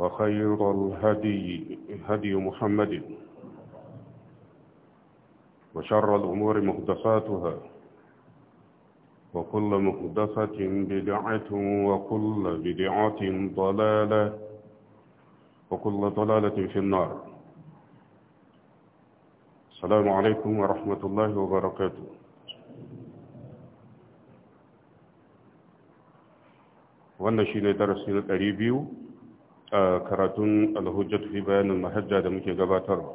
وخير الهدي هدي محمد وشر الأمور محدثاتها وكل محدثة بدعة وكل بدعة ضلالة وكل ضلالة في النار السلام عليكم ورحمة الله وبركاته وانا shine darasi na karatun alhujjatu fi bayanin mahajja da muke gabatarwa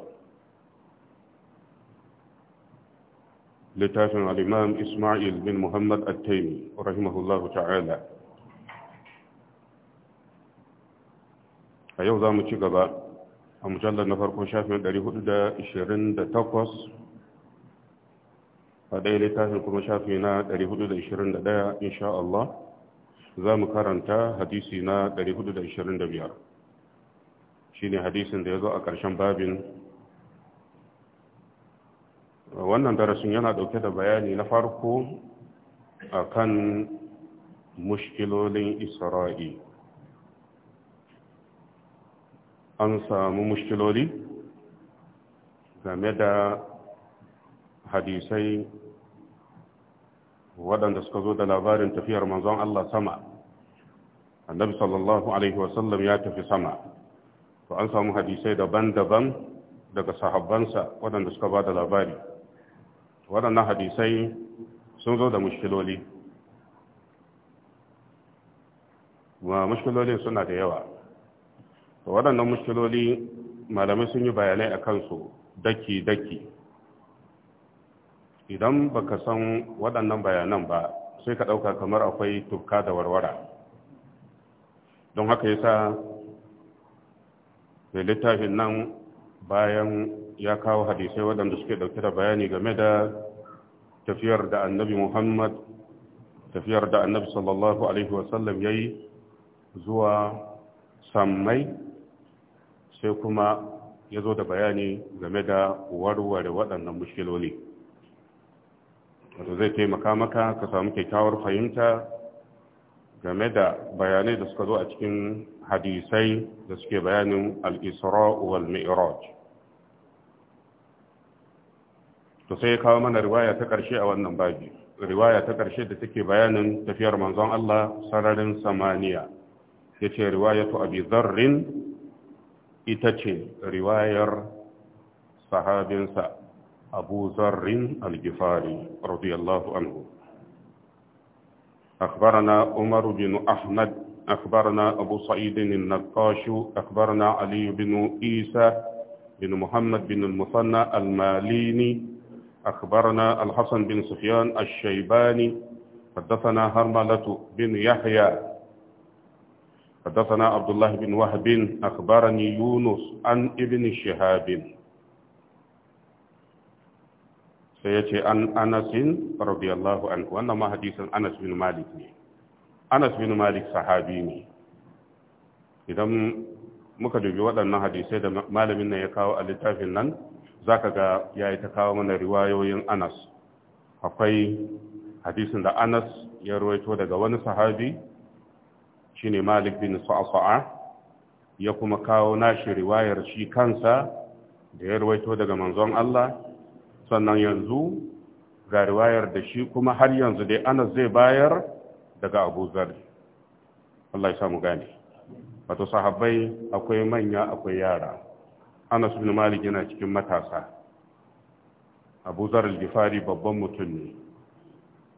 littafin al'imam ismail bin muhammad al-taimi rahimahullahu ta'ala a yau za mu ci gaba a mujallar na farko shafin 428 a ɗaya littafin kuma shafi na 421 insha Allah za mu karanta hadisi na 425 shine hadisin da ya zo a ƙarshen babin wannan darasin yana ɗauke da bayani na farko a kan mushkilolin isra'i an samu mushkiloli game da hadisai waɗanda suka zo da labarin tafiyar manzon Allah sama annabi sallallahu alaihi wasallam ya tafi sama to an samu hadisai daban-daban daga sahabbansa waɗanda suka ba da labari waɗannan hadisai sun zo da mushkiloli ma mushkilolin suna da yawa to waɗannan mushkiloli malamai sun yi bayanai a kansu daki-daki idan baka san waɗannan bayanan ba sai ka ɗauka kamar akwai tufka da warwara don haka yasa mai littafin nan bayan ya kawo hadisai waɗanda suke ɗauke da bayani game da tafiyar da annabi muhammad tafiyar da annabi sallallahu alaihi wasallam ya yi zuwa sammai sai kuma ya zo da bayani game da warware waɗannan mushkiloli wato zai taimaka maka ka samu kyakkyawar fahimta game da bayanai da suka zo a cikin hadisai da suke bayanin al-isra wal mi'raj to sai ya kawo mana riwaya ta ƙarshe a wannan babi riwaya ta ƙarshe da take bayanin tafiyar manzon Allah sararin samaniya yace riwayatu abi zarrin ita ce riwayar sahabinsa abu zarrin al radiyallahu anhu أخبرنا عمر بن أحمد أخبرنا أبو سعيد النقاش أخبرنا علي بن عيسى بن محمد بن المثنى الماليني أخبرنا الحسن بن سفيان الشيباني حدثنا هرملة بن يحيى حدثنا عبد الله بن وهب أخبرني يونس عن ابن شهاب sai ya ce an anasin radiyallahu anhu wannan ma hadisin anas bin malik ne anas bin malik sahabi ne idan muka dubi waɗannan hadisai da malamin nan ya kawo a littafin nan zaka ga ya yi ta kawo mana riwayoyin anas akwai hadisin da anas ya ruwaito daga wani sahabi shi ne malik bin sa'asa'a ya kuma kawo nashi riwayar shi kansa da ya ruwaito daga manzon Allah sannan yanzu ga riwayar da shi kuma har yanzu dai ana zai bayar daga abu zari Allah ya samu gane wato sahabbai akwai manya akwai yara ana bin malik yana cikin matasa abu zar al-gifari babban mutum ne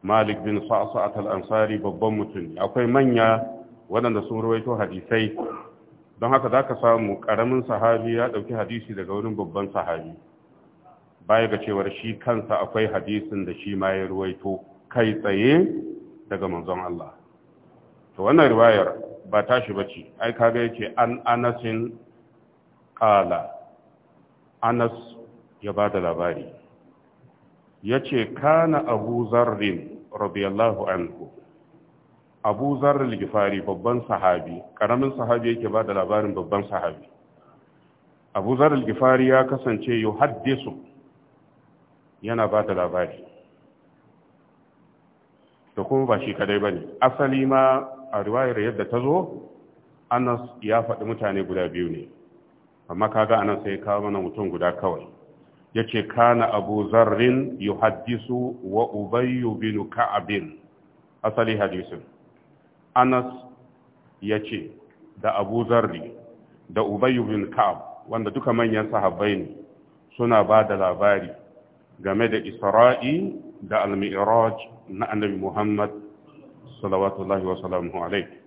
malik bin sa'sa'at al-ansari babban mutum ne akwai manya waɗanda sun ruwaito hadisai don haka zaka samu ƙaramin sahabi ya ɗauki hadisi daga wurin babban sahabi baya ga cewar shi kansa akwai hadisin da shi ma ya ruwaito kai tsaye daga manzon Allah to wannan riwayar ba tashi bace ai kaga yake an anasin qala anas ya bada labari yace kana abu zarrin radiyallahu anhu abu zarr al-gifari babban sahabi karamin sahabi yake bada labarin babban sahabi abu zarr al-gifari ya kasance yuhaddisu yana ba ta labari da kuma ba shi kadai ba ne asali ma a riwayar yadda ta zo anas ya faɗi mutane guda biyu ne amma ga anan sai kawo mana mutum guda kawai ya ce kana abu zarrin yuhaddisu wa ubayyu bin ka'abin asali hadisin anas ya ce da abu zarri da ubayyu bin ka'ab wanda duka manyan sahabbai ne suna ba da labari game da isra'i da al na annabi muhammad salawatullahi wa salamuhu alaihi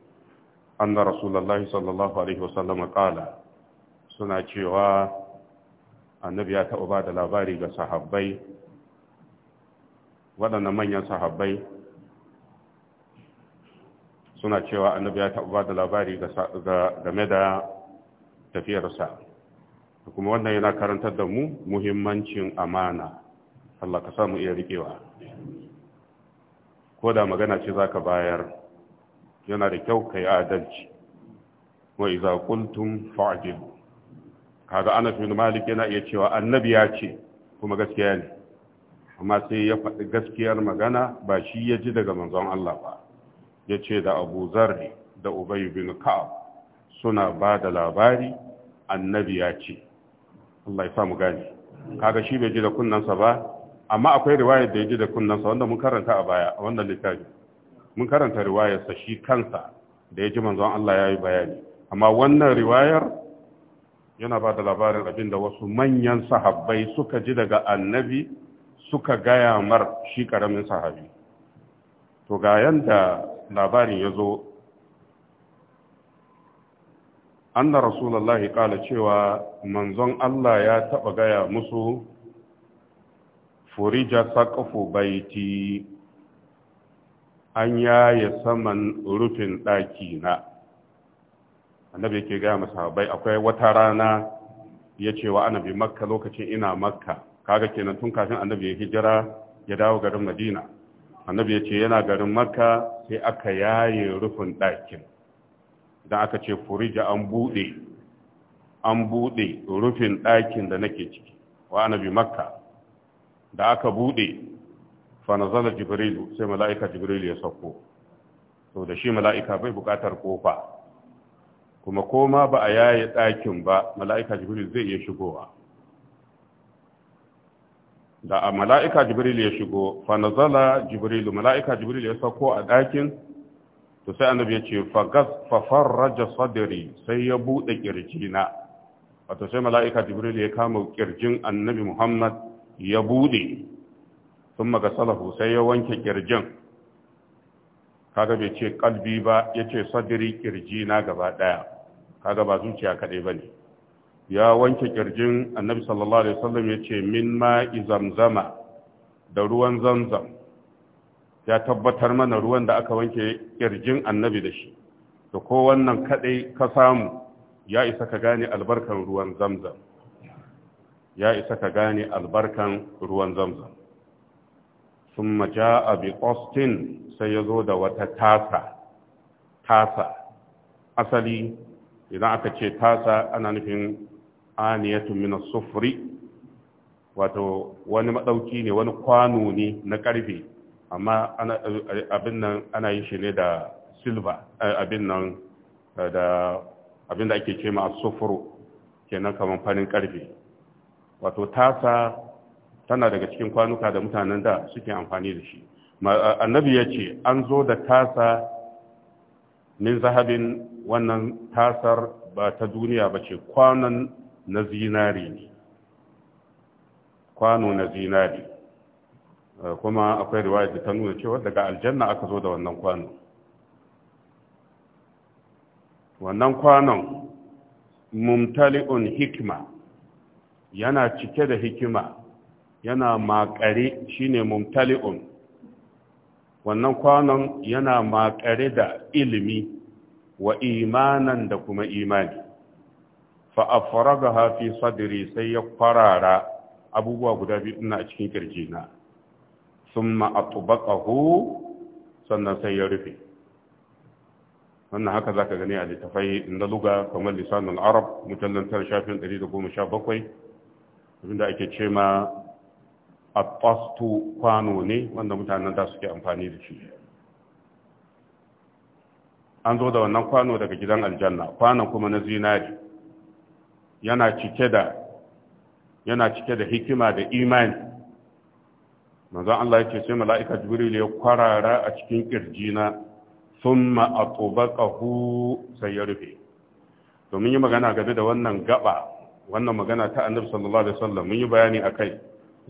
anna rasulullahi sallallahu alaihi wa sallam qala suna cewa annabi ya taɓa ba da labari ga sahabbai waɗannan manyan sahabbai suna cewa annabi ya taɓa ba da labari game da tafiyarsa kuma wannan yana karantar da mu muhimmancin amana Allah ka samu iya riƙewa ko da magana ce za ka bayar yana da kyau ka yi adalci wa iza kuntum fa'jilu kaga Anas bin Malik yana iya cewa annabi ya ce kuma gaskiya ne amma sai ya faɗi gaskiyar magana ba shi ya ji daga manzon Allah ba ya ce da Abu Zarri da Ubayu bin Ka'ab suna ba da labari annabi ya ce Allah ya sa mu gane kaga shi bai ji da kunnansa ba amma akwai riwayar da ya ji da kunnansa wanda mun karanta a baya a wannan littafi mun karanta riwayarsa shi kansa da ya ji manzon Allah ya yi bayani amma wannan riwayar yana ba da labarin abin da wasu manyan sahabbai suka ji daga annabi suka gaya mar shi karamin sahabi to ga yanda labarin ya zo anna rasulullahi kala cewa manzon Allah ya taba gaya musu furija bai baiti an yaya saman rufin ɗaki na annabi yake gaya bai akwai wata rana ya ce wa annabi makka lokacin ina makka kaga kenan tun kafin annabi ya hijira ya dawo garin madina annabi ya ce yana garin makka sai aka yaye rufin ɗakin idan aka ce furija an buɗe an buɗe rufin ɗakin da nake ciki wa annabi makka da aka bude fa nazala jibrilu sai mala'ika jibrilu ya sauko to da shi mala'ika bai bukatar kofa kuma koma ba a yaye ɗakin ba mala'ika jibrilu zai iya shigowa da a mala'ika jibrilu ya shigo fa nazala jibril mala'ika jibrilu ya sauko a ɗakin to sai annabi ya ce fa farraja sadri sai ya bude kirjina wato sai mala'ika jibril ya kama kirjin annabi muhammad ya bude sun salahu sai ya wanke kirjin kaga bai ce kalbi ba ya ce sadiri kirji na gaba daya kaga ba zuciya kaɗai ba ne ya wanke kirjin annabi sallallahu alaihi wasallam ya ce min ma'i zamzama da ruwan zamzam ya tabbatar mana ruwan da aka wanke kirjin annabi da shi to ko wannan kaɗai ka samu ya isa ka gane albarkar ruwan zamzam ya isa ka gane albarkan ruwan zamzam sun maja a Austin sai ya zo da wata tasa tasa asali idan aka ce tasa ana nufin aniyatun min sufuri wato wani maɗauki ne wani kwano ne na karfe. amma abin nan ana yin shi ne da silva eh, abin nan eh, da abin da ake ce ma sufuru kenan kamar farin karfe. wato tasa tana daga cikin kwanuka da mutanen da suke amfani da shi annabi ya ce an zo da tasa min zahabin wannan tasar ba ta duniya ba ce kwanon na zinari ne kwano na zinari eh, kuma akwai riwayar da ta nuna cewa daga aljanna aka zo da wannan kwano wannan kwanon mumtali'un hikima. yana cike da hikima yana makare shine mumtali'un wannan kwanon yana makare da ilimi wa imanan da kuma imani fa afragaha fi sadri sai ya farara abubuwa guda biyu ina a cikin kirjina thumma atbaqahu sannan sai ya rufe wannan haka zaka gani a littafai inda luga kamar lisanul arab mujallal tar shafin 117 da ake ce ma a fasto kwano ne wanda mutanen da suke amfani da shi an zo da wannan kwano daga gidan aljanna kwanon kuma na zinari yana cike da hikima da imani manzon Allah ya ce sai mala'ika jibril ya kwarara a cikin sun thumma ƙahu sai ya rufe domin yi magana game da wannan gaba wannan magana ta annabi sallallahu alaihi wasallam mun yi bayani akai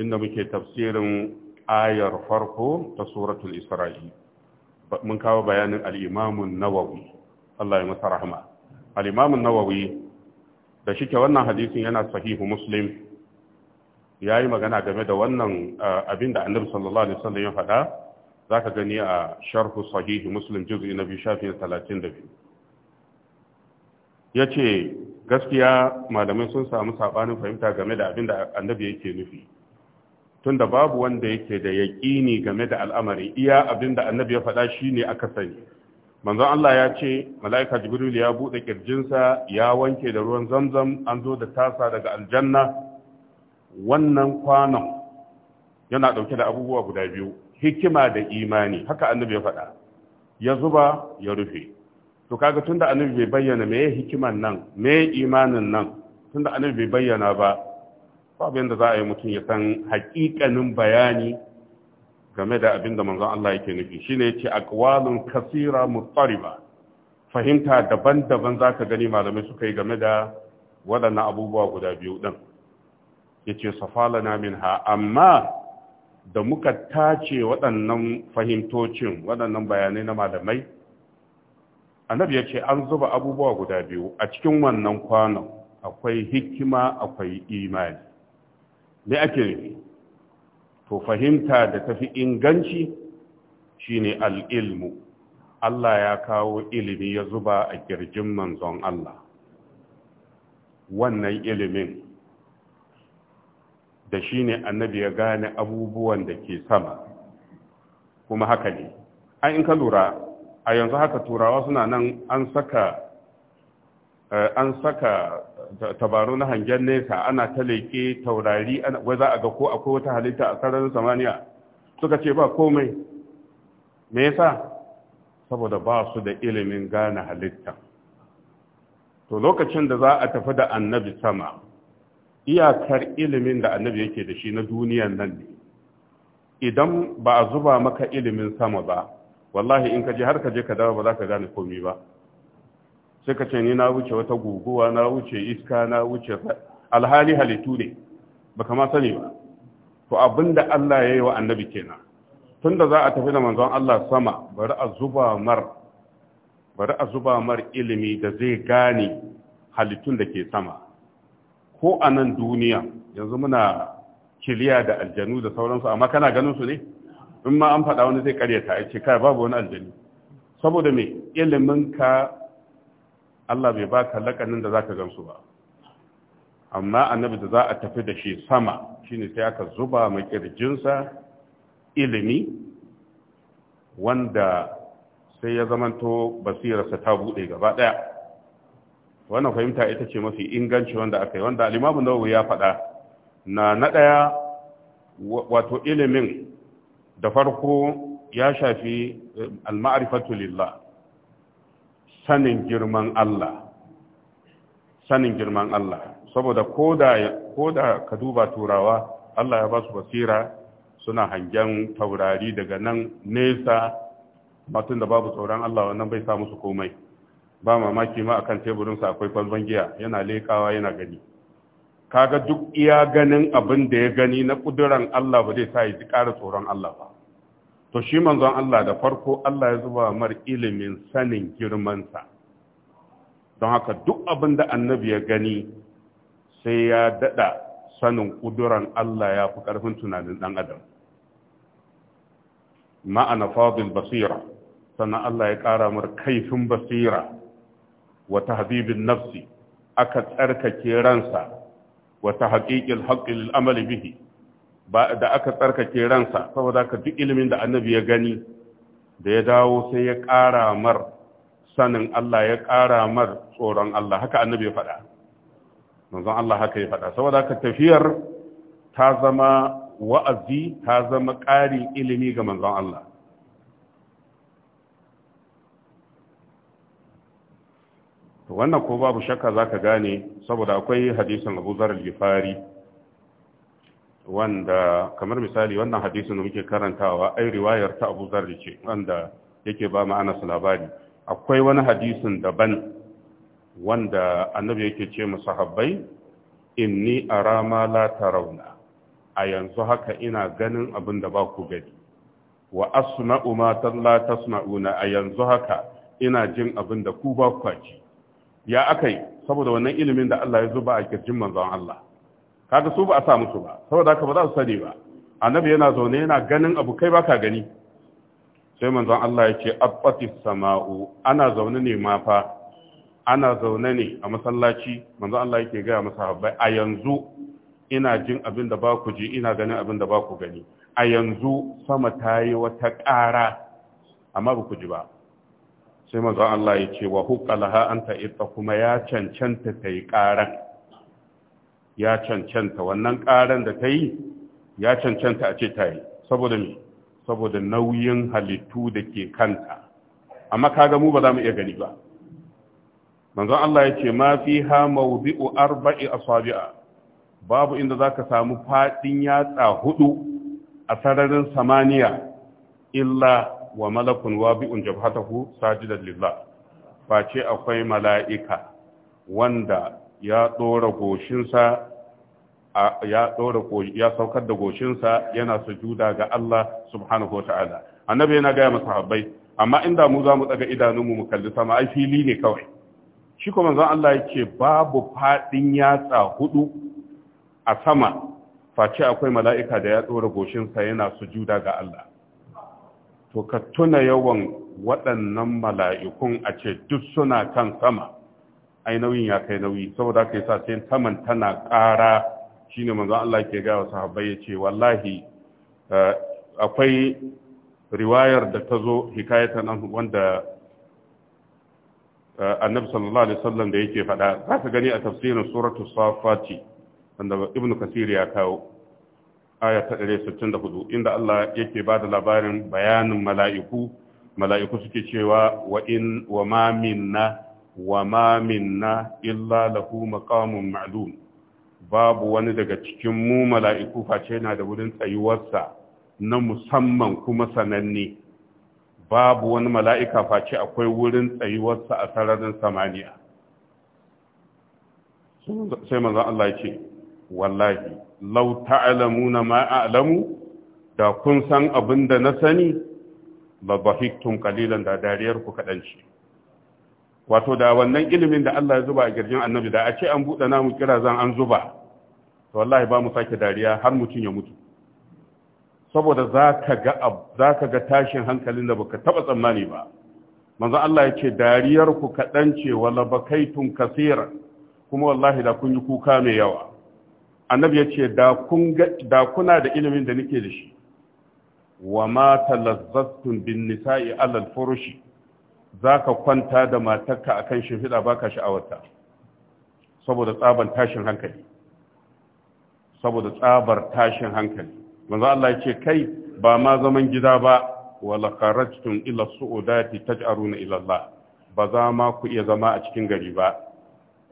inda muke tafsirin ayar farko ta suratul isra'i mun kawo bayanin al-imam an-nawawi Allah ya masa rahma al-imam an-nawawi da shike wannan hadisin yana sahihu muslim yayi magana game da wannan ah, abinda annabi sallallahu alaihi wasallam ya faɗa zaka gani a sharhu sahihi muslim juz'i na 2 shafin 32 yace gaskiya malamai sun samu sabanin fahimta game da abin da annabi yake nufi tunda babu wanda yake da yaƙini game da al'amari iya abin da annabi ya faɗa shine aka sani manzon Allah ya ce mala'ika jibril ya buɗe kirjinsa ya wanke da ruwan zamzam an zo da tasa daga aljanna wannan kwanon yana ɗauke da abubuwa guda biyu hikima da imani haka annabi ya faɗa ya zuba ya rufe to kaga tunda annabi bai bayyana me hikiman nan me imanin nan tunda annabi bai bayyana ba ba abin da za a yi mutum ya san haƙiƙanin bayani game da abin da manzon Allah yake nufi shine yace aqwalun kasira muttariba fahimta daban-daban zaka gani malamai suka yi game da waɗannan abubuwa guda biyu din yace safalana minha amma da muka tace waɗannan fahimtocin waɗannan bayanai na malamai annabi yace an zuba abubuwa guda biyu a cikin wannan kwanon akwai hikima akwai imani me ake nufi to fahimta da tafi inganci shine al-ilmu Allah ya kawo ilimi ya zuba a kirjin manzon Allah wannan ilimin da shine annabi ya gane abubuwan da ke sama kuma haka ne an in ka lura a yanzu haka turawa suna nan an saka eh, an saka tabaru na hangen nesa ana ta leƙe taurari wai za a ga ko akwai wata halitta a sararin samaniya suka ce ba komai me yasa saboda ba su da ilimin gane halitta to lokacin da za a tafi da annabi sama iyakar ilimin da annabi yake da shi na duniyan nan ne idan ba a zuba maka ilimin sama ba wallahi in ka je har ka je ka dawo ba za ka gane komi ba sai ka ce ni na wuce wata guguwa na wuce iska na wuce alhali halittu ne ba kama sani ba to abinda Allah ya yi wa annabi kenan tunda za a tafi da manzon Allah sama bari a zuba mar bari a zuba mar ilimi da zai gane halittun da ke sama ko a nan duniya yanzu muna kiliya da aljanu da sauransu amma kana ganin su ne in ma an faɗa wani zai karyata a ce kai babu wani aljani saboda me ilimin ka Allah bai baka lakanin da zaka gamsu ba amma annabi da za a tafi da shi sama shine sai aka zuba ma kirjinsa ilimi wanda sai ya zamanto basirarsa ta buɗe gaba ɗaya wannan fahimta ita ce mafi inganci wanda aka yi wanda alimamu nawawi ya faɗa na na ɗaya wato ilimin da farko ya shafi eh, al-ma'rifatu lillah sanin girman Allah sanin girman Allah saboda koda koda ka duba turawa Allah ya basu basira suna hangen taurari daga nan nesa matun da babu tsoron Allah wannan bai sa musu komai ba mamaki ma akan teburinsa akwai kwalban giya yana lekawa yana gani kaga duk iya ganin abin da ya gani na kuduran Allah ba zai sa ya ji ƙara tsoron Allah ba to shi manzon Allah da farko Allah ya zuba mar ilimin sanin girmansa don haka duk abin da annabi ya gani sai ya dada sanin kuduran Allah ya fi ƙarfin tunanin ɗan adam ma'ana fadil basira sannan Allah ya ƙara mar kaifin basira wa tahdibin nafsi aka tsarkake ransa Wata tahqiqil haqqi lil amali bihi da aka tsarkake ransa saboda ka duk ilimin da annabi ya gani da ya dawo sai ya ƙara mar sanin Allah ya ƙara mar tsoron Allah haka annabi ya faɗa manzon Allah haka ya faɗa saboda ka tafiyar ta zama wa'azi ta zama ƙarin ilimi ga manzon Allah wannan ko babu shakka ka gane saboda akwai hadisin Abu Zar al wanda kamar misali wannan hadisin da muke karantawa ai riwayar ta Abu Zar ce wanda yake ba ma'anas labari akwai wani hadisin daban wanda annabi yake ce mu sahabbai inni ara ma la tarawna a yanzu haka ina ganin abin da ba ku gani wa asma'u ma la tasma'una a yanzu haka ina jin abin da ku ba ku ji ya aka yi saboda wannan ilimin da Allah ya zuba a kirjin manzon Allah kaga su ba a sa musu ba saboda haka ba za su sani ba annabi yana zaune yana ganin abu kai baka gani sai manzon Allah ya ce sama'u ana zaune ne ma fa ana zaune ne a masallaci manzon Allah yake ga masahabbai a yanzu ina jin abin da ba ku ji ina ganin abin da ba ku gani a yanzu sama ta yi wata ƙara amma ba ku ji ba sai manzon Allah ya ce wa huqalaha anta ita kuma ya cancanta ta yi ƙaran ya cancanta wannan ƙaran da ta yi ya cancanta a ce ta yi saboda me saboda nauyin halittu da ke kanta amma kaga mu ba za mu iya gani ba manzon Allah ya ce ma fiha mawdi'u arba'i asabi'a babu inda zaka samu fadin yatsa hudu a sararin samaniya illa wa malakun wabi'un jabhatahu sajidan lillah face akwai mala'ika wanda ya dora goshinsa ya dora ya saukar da goshinsa yana sujuda ga Allah subhanahu wataala annabi yana ga masahabbai amma inda mu za mu daga idanunmu mu kalli sama ai fili ne kawai shi kuma manzon Allah yake babu fadin yatsa hudu a sama face akwai mala'ika da ya dora goshinsa yana sujuda ga Allah to ka tuna yawan waɗannan mala'ikun a ce duk suna kan sama ai nauyin ya kai nauyi saboda ka yi sa sai saman tana ƙara Shi ne manzon Allah ke ga wasu habbai ya ce wallahi eh, akwai riwayar da ta zo nan wanda eh, annabi sallallahu alaihi wasallam da yake faɗa za ka gani a tafsirin suratul safati wanda ibnu kasir ya kawo aya ta 164 inda Allah yake ba da labarin bayanin mala'iku mala'iku suke cewa wa in wa ma minna wa ma minna illa lahu maqamun ma'lum babu wani daga cikin mu mala'iku face na da wurin tsayuwarsa na musamman kuma sananne babu wani mala'ika face akwai wurin tsayuwarsa a sararin samaniya sai manzon Allah ya ce wallahi lau da kun san abin da na sani ba bahiktum qalilan da dariyar ku kadan ce wato da wannan ilimin da Allah ya zuba a girjin annabi da a ce an buɗe namu kira zan an zuba to wallahi ba mu sake dariya har mutum ya mutu saboda za ka ga tashin hankalin da baka taɓa tsammani ba manzo Allah ya ce dariyar ku kaɗan ce wala bakaitun kasira kuma wallahi da kun yi kuka mai yawa annabi ya ce da kuna da ilimin da nake da shi wa ma talazzastun bin nisa'i alal furushi zaka kwanta da matarka akan shimfiɗa baka sha'awarta saboda tsabar tashin hankali saboda tsabar tashin hankali manzo Allah ya ce kai ba ma zaman gida ba wala kharajtum ila su'udati taj'aruna ila Allah ba za ma ku iya zama a cikin gari ba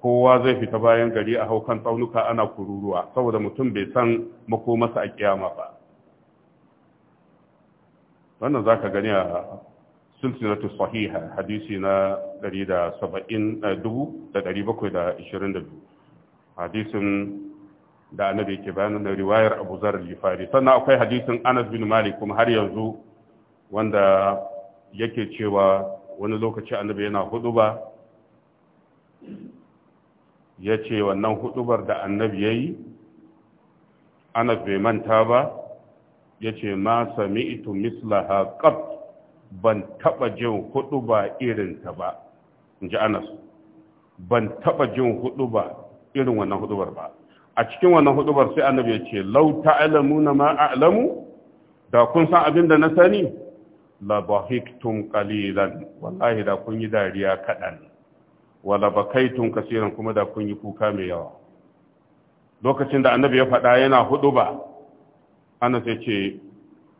kowa zai fita bayan gari a haukan tsaunuka ana kururuwa saboda mutum bai san makomasa a kiyama ba wannan za ka gani a silsilatu sahiha hadisi na 170,722 eh, hadisin da annabi ke bayan da riwayar abu zarar fari. sannan akwai hadisin anas bin malik kuma har yanzu wanda yake cewa wani lokaci annabi yana hudu ba ya ce wannan hudubar da annabi ya yi ana bai manta ba ya ce ma sami'tu mislaha qab ban taɓa jin hudu ba irinta ba in ji ban taɓa jin hudu irin wannan hudubar ba a cikin wannan hudubar sai annabi ya ce lau ta'lamuna ma a'lamu da kun san abin da na sani la kalilan wallahi da kun yi dariya kaɗan. wala bakaitun kasiran kuma da kun yi kuka mai yawa lokacin da annabi ya faɗa yana hudu ba ana sai ce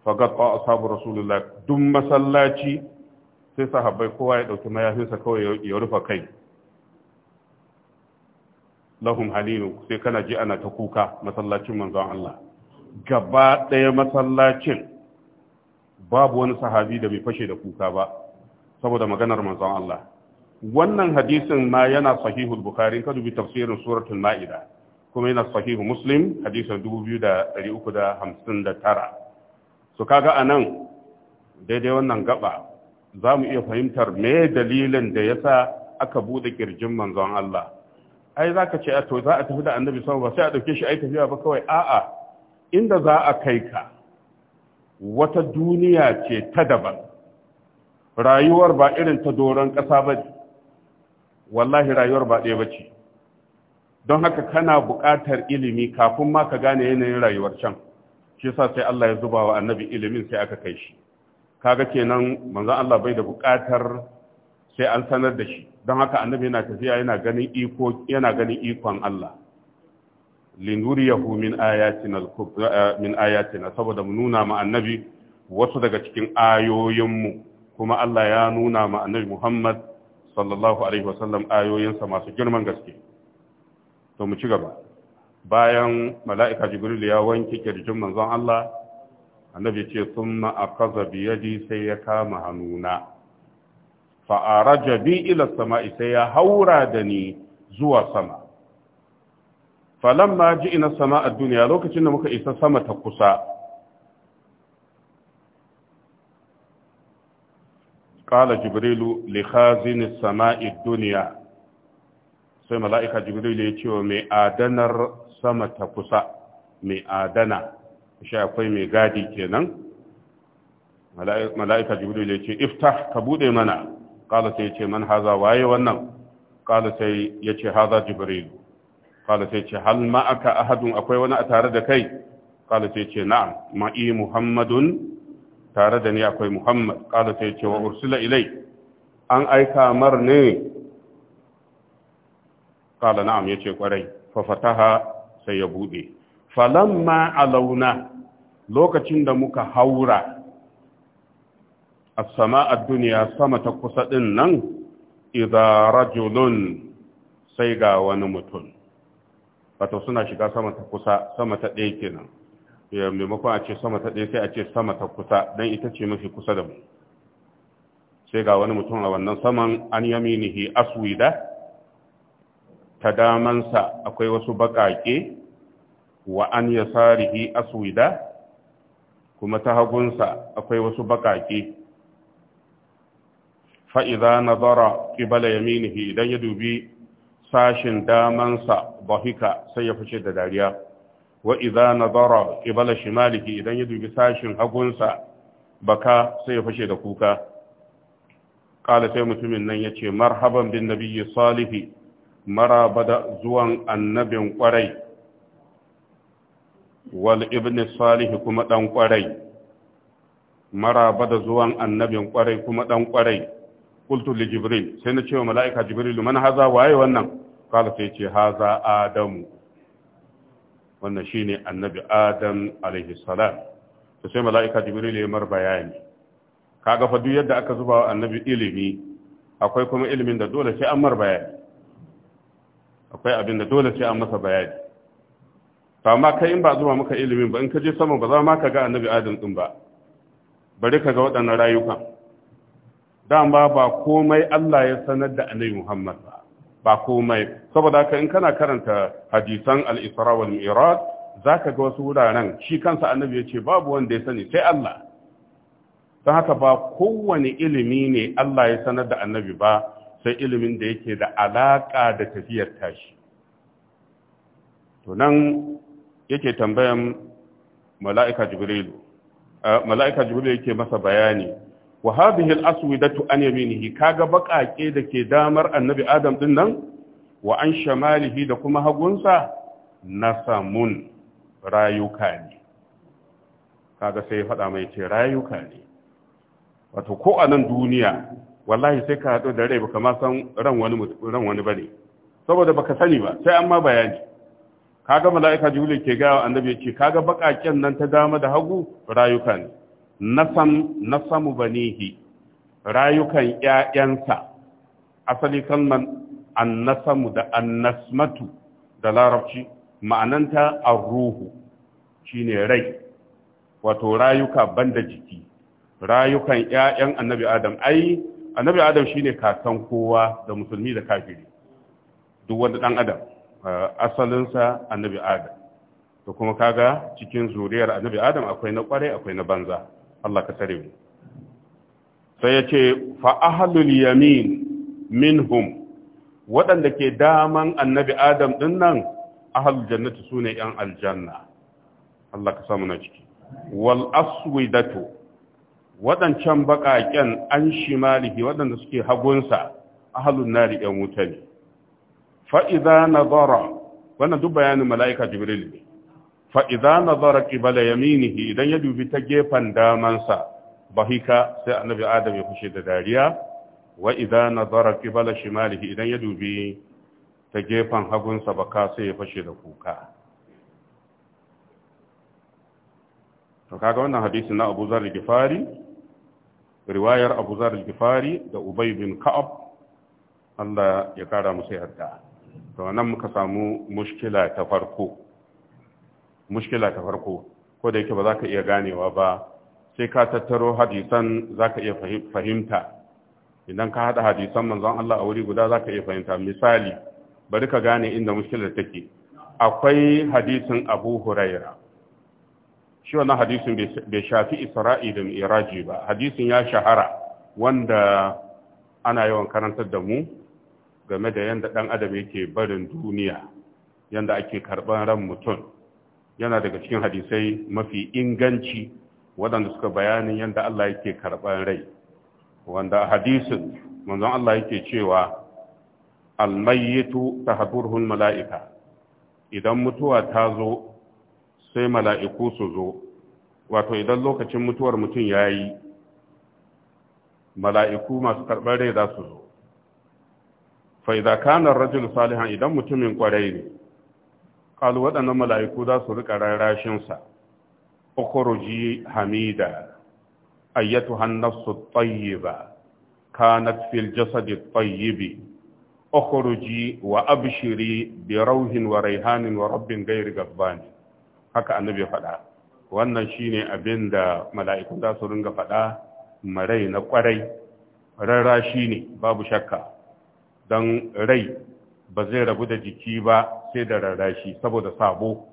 fagat a asabu rasulullah duk masallaci sai sahabbai kowa ya ɗauki mayafinsa kawai ya rufa kai lahum halilu sai kana ji ana ta kuka masallacin manzon Allah gaba ɗaya masallacin babu wani sahabi da bai fashe da kuka ba saboda maganar manzon Allah wannan hadisin ma yana sahihu bukhari ka dubi tafsirin suratul ma'ida kuma yana sahihu muslim hadisin 2359 so kaga anan daidai wannan gaba za mu iya fahimtar me dalilin da yasa aka bude kirjin manzon Allah ai zaka ce a to za a tafi da annabi sallallahu ba wasallam sai a dauke shi ai tafiya ba kawai a'a inda za a kai ka wata duniya ce ta daban rayuwar ba irin ta doron kasa ba wallahi rayuwar ba ɗaya bace don haka kana buƙatar ilimi kafin ma ka gane yanayin rayuwar can shi yasa sai Allah ya zuba wa annabi ilimin sai aka kai shi kaga kenan manzon Allah bai da buƙatar sai an sanar da shi don haka annabi yana tafiya yana ganin iko yana ganin ikon Allah linuriyahu min ayatina eh, min ayatina saboda mu nuna ma annabi wasu daga cikin ayoyin mu kuma Allah ya nuna ma annabi Muhammad sallallahu alaihi wasallam ayoyinsa masu girman gaske to mu ci gaba bayan mala'ika jibril ya wanke kirjin manzon Allah annabi ce sun akaza bi sai ya kama hannuna fa araja bi sama'i sai ya haura da ni zuwa sama falamma ji ina sama a duniya lokacin da muka isa sama ta kusa qala jibrilu li khazin samai sai mala'ika jibrilu ya ce mai adanar sama ta kusa mai adana shi akwai mai gadi kenan mala'ika jibrilu ya ce iftah ka bude mana qala sai ya ce man haza waye wannan qala sai ya ce haza jibrilu qala sai ya ce hal ma'aka ahadun akwai wani a tare da kai qala sai ya ce na'am ma'i muhammadun tare da ni akwai Muhammad kala sai ce wa ursila ilai an aika mar ne kala na'am yace kwarai fa fataha sai ya bude falamma launa lokacin da muka haura a sama ad-dunya sama ta kusa din nan idza rajulun sai ga wani mutum wato suna shiga sama ta kusa sama ta ɗaya kenan Eh, maimako a ce sama ta ɗaya sai a ce sama ta kusa don ita ce mafi kusa da mu sai ga wani mutum a wannan saman an yaminihi aswida ta damansa akwai wasu baƙaƙe wa an yasarihi aswida kuma ta hagunsa akwai wasu baƙaƙe fa'iza nazara ƙibala yaminihi idan ya dubi sashin damansa bahika sai ya fice da dariya wa idza nadara qibala shimalihi idan ya dubi sashin hagunsa baka sai ya fashe da kuka kala sai mutumin nan yace marhaban bin nabiyyi salihi mara da zuwan annabin kwarai wal ibn salihi kuma dan kwarai mara da zuwan annabin kwarai kuma dan kwarai qultu li jibril sai na ce wa mala'ika jibril man haza waye wannan kala sai ce haza adamu wannan shi ne annabi adam alaihi salam to sai mala'ika jibril ya mar bayani ka fa duk yadda aka zuba wa annabi ilimi akwai kuma ilimin da dole sai an mar bayani akwai abin da dole sai an masa bayani ta ma kai in ba zuba maka ilimin ba in ka je sama ba za ma ka ga annabi adam din ba bari ka ga waɗannan rayukan dama ba komai Allah ya sanar da annabi Muhammad ba ba komai saboda ka in kana karanta hadisan al-isra wal mi'raj zaka ga wasu wuraren shi kansa annabi yace babu wanda ya sani sai Allah don haka ba kowane ilimi ne Allah ya sanar da annabi ba sai ilimin da yake da alaƙa da tafiyar tashi to nan yake tambayan mala'ika Jibril, eh, mala'ika jibril yake masa bayani wa hadhihi al-aswidatu an yaminihi kaga bakake dake damar annabi adam din nan wa an shamalihi da kuma hagunsa nasamun rayuka ne kaga sai faɗa mai ce rayuka ne wato ko a nan duniya wallahi sai ka haɗu da rai baka ma san ran wani ran wani bane saboda baka sani ba sai an ma bayani kaga mala'ika jibril ke ga annabi yake kaga bakaken nan ta dama da hagu rayuka ne nasam nasamu banihi rayukan 'ya'yansa, asali kalman an-nasamu da an-nasmatu da larabci ma'ananta shi shine rai wato rayuka banda jiki rayukan 'ya'yan annabi adam ai annabi adam shine kakan kowa da musulmi da kafiri duk wanda dan adam eh, asalinsa annabi adam to kuma kaga cikin zuriyar annabi adam akwai na kware akwai na banza Allah ka sai ya ce fa ahlul yamin minhum waɗanda ke daman annabi adam ɗin nan ahlul su sune yan aljanna Allah ka samu na ciki wal aswidatu waɗancan baƙaƙen an shimalihi waɗanda suke hagunsa ahlun nari yan wuta ne fa idza nadara wannan duk bayanin mala'ika jibril ne fa idza ƙibala qibala yaminihi idan ya dubi ta gefen damansa bahika sai annabi adam ya fashe da dariya wa ƙibala nazara qibala shimalihi idan ya dubi ta gefen hagunsa baka sai ya fashe da kuka to kaga wannan hadisi na Abu Zar al riwayar Abu Zar al da Ubay bin Ka'ab Allah ya kara musu yarda to nan muka samu mushkila ta farko mushkila ta farko ko da yake ba za ka iya ganewa ba sai ka tattaro hadisan za ka iya fahimta idan ka haɗa hadisan manzon Allah a wuri guda za ka iya fahimta misali bari ka gane inda mushkilar take akwai hadisin abu huraira shi wannan hadisin bai shafi isra'i da miraji ba hadisin ya shahara wanda ana yawan karantar da mu game da yadda ɗan adam yake barin duniya yadda ake karɓar ran mutum yana daga cikin hadisai mafi inganci waɗanda suka bayanin yadda Allah yake karɓar rai wanda hadisin manzon Allah yake cewa almayyitu tahdurhul mala'ika idan mutuwa ta zo sai mala'iku su zo wato idan lokacin mutuwar mutum ya yi mala'iku masu karɓar rai za su zo fa'iza kanar rajin salihan idan mutumin ƙwarai ne kalu waɗannan mala'iku za su riƙa rarashinsa, ukuruji hamida ayyatu hannafsu tayyiba kanat fil jasadi tayyibi ukuruji wa abshiri bi rauhin wa raihanin wa rabbin gairi gabbani haka annabi faɗa wannan shine abin da mala'iku za su ringa faɗa marai na ƙwarai rarashi ne babu shakka don rai ba zai rabu da jiki ba sai da rarrashi saboda sabo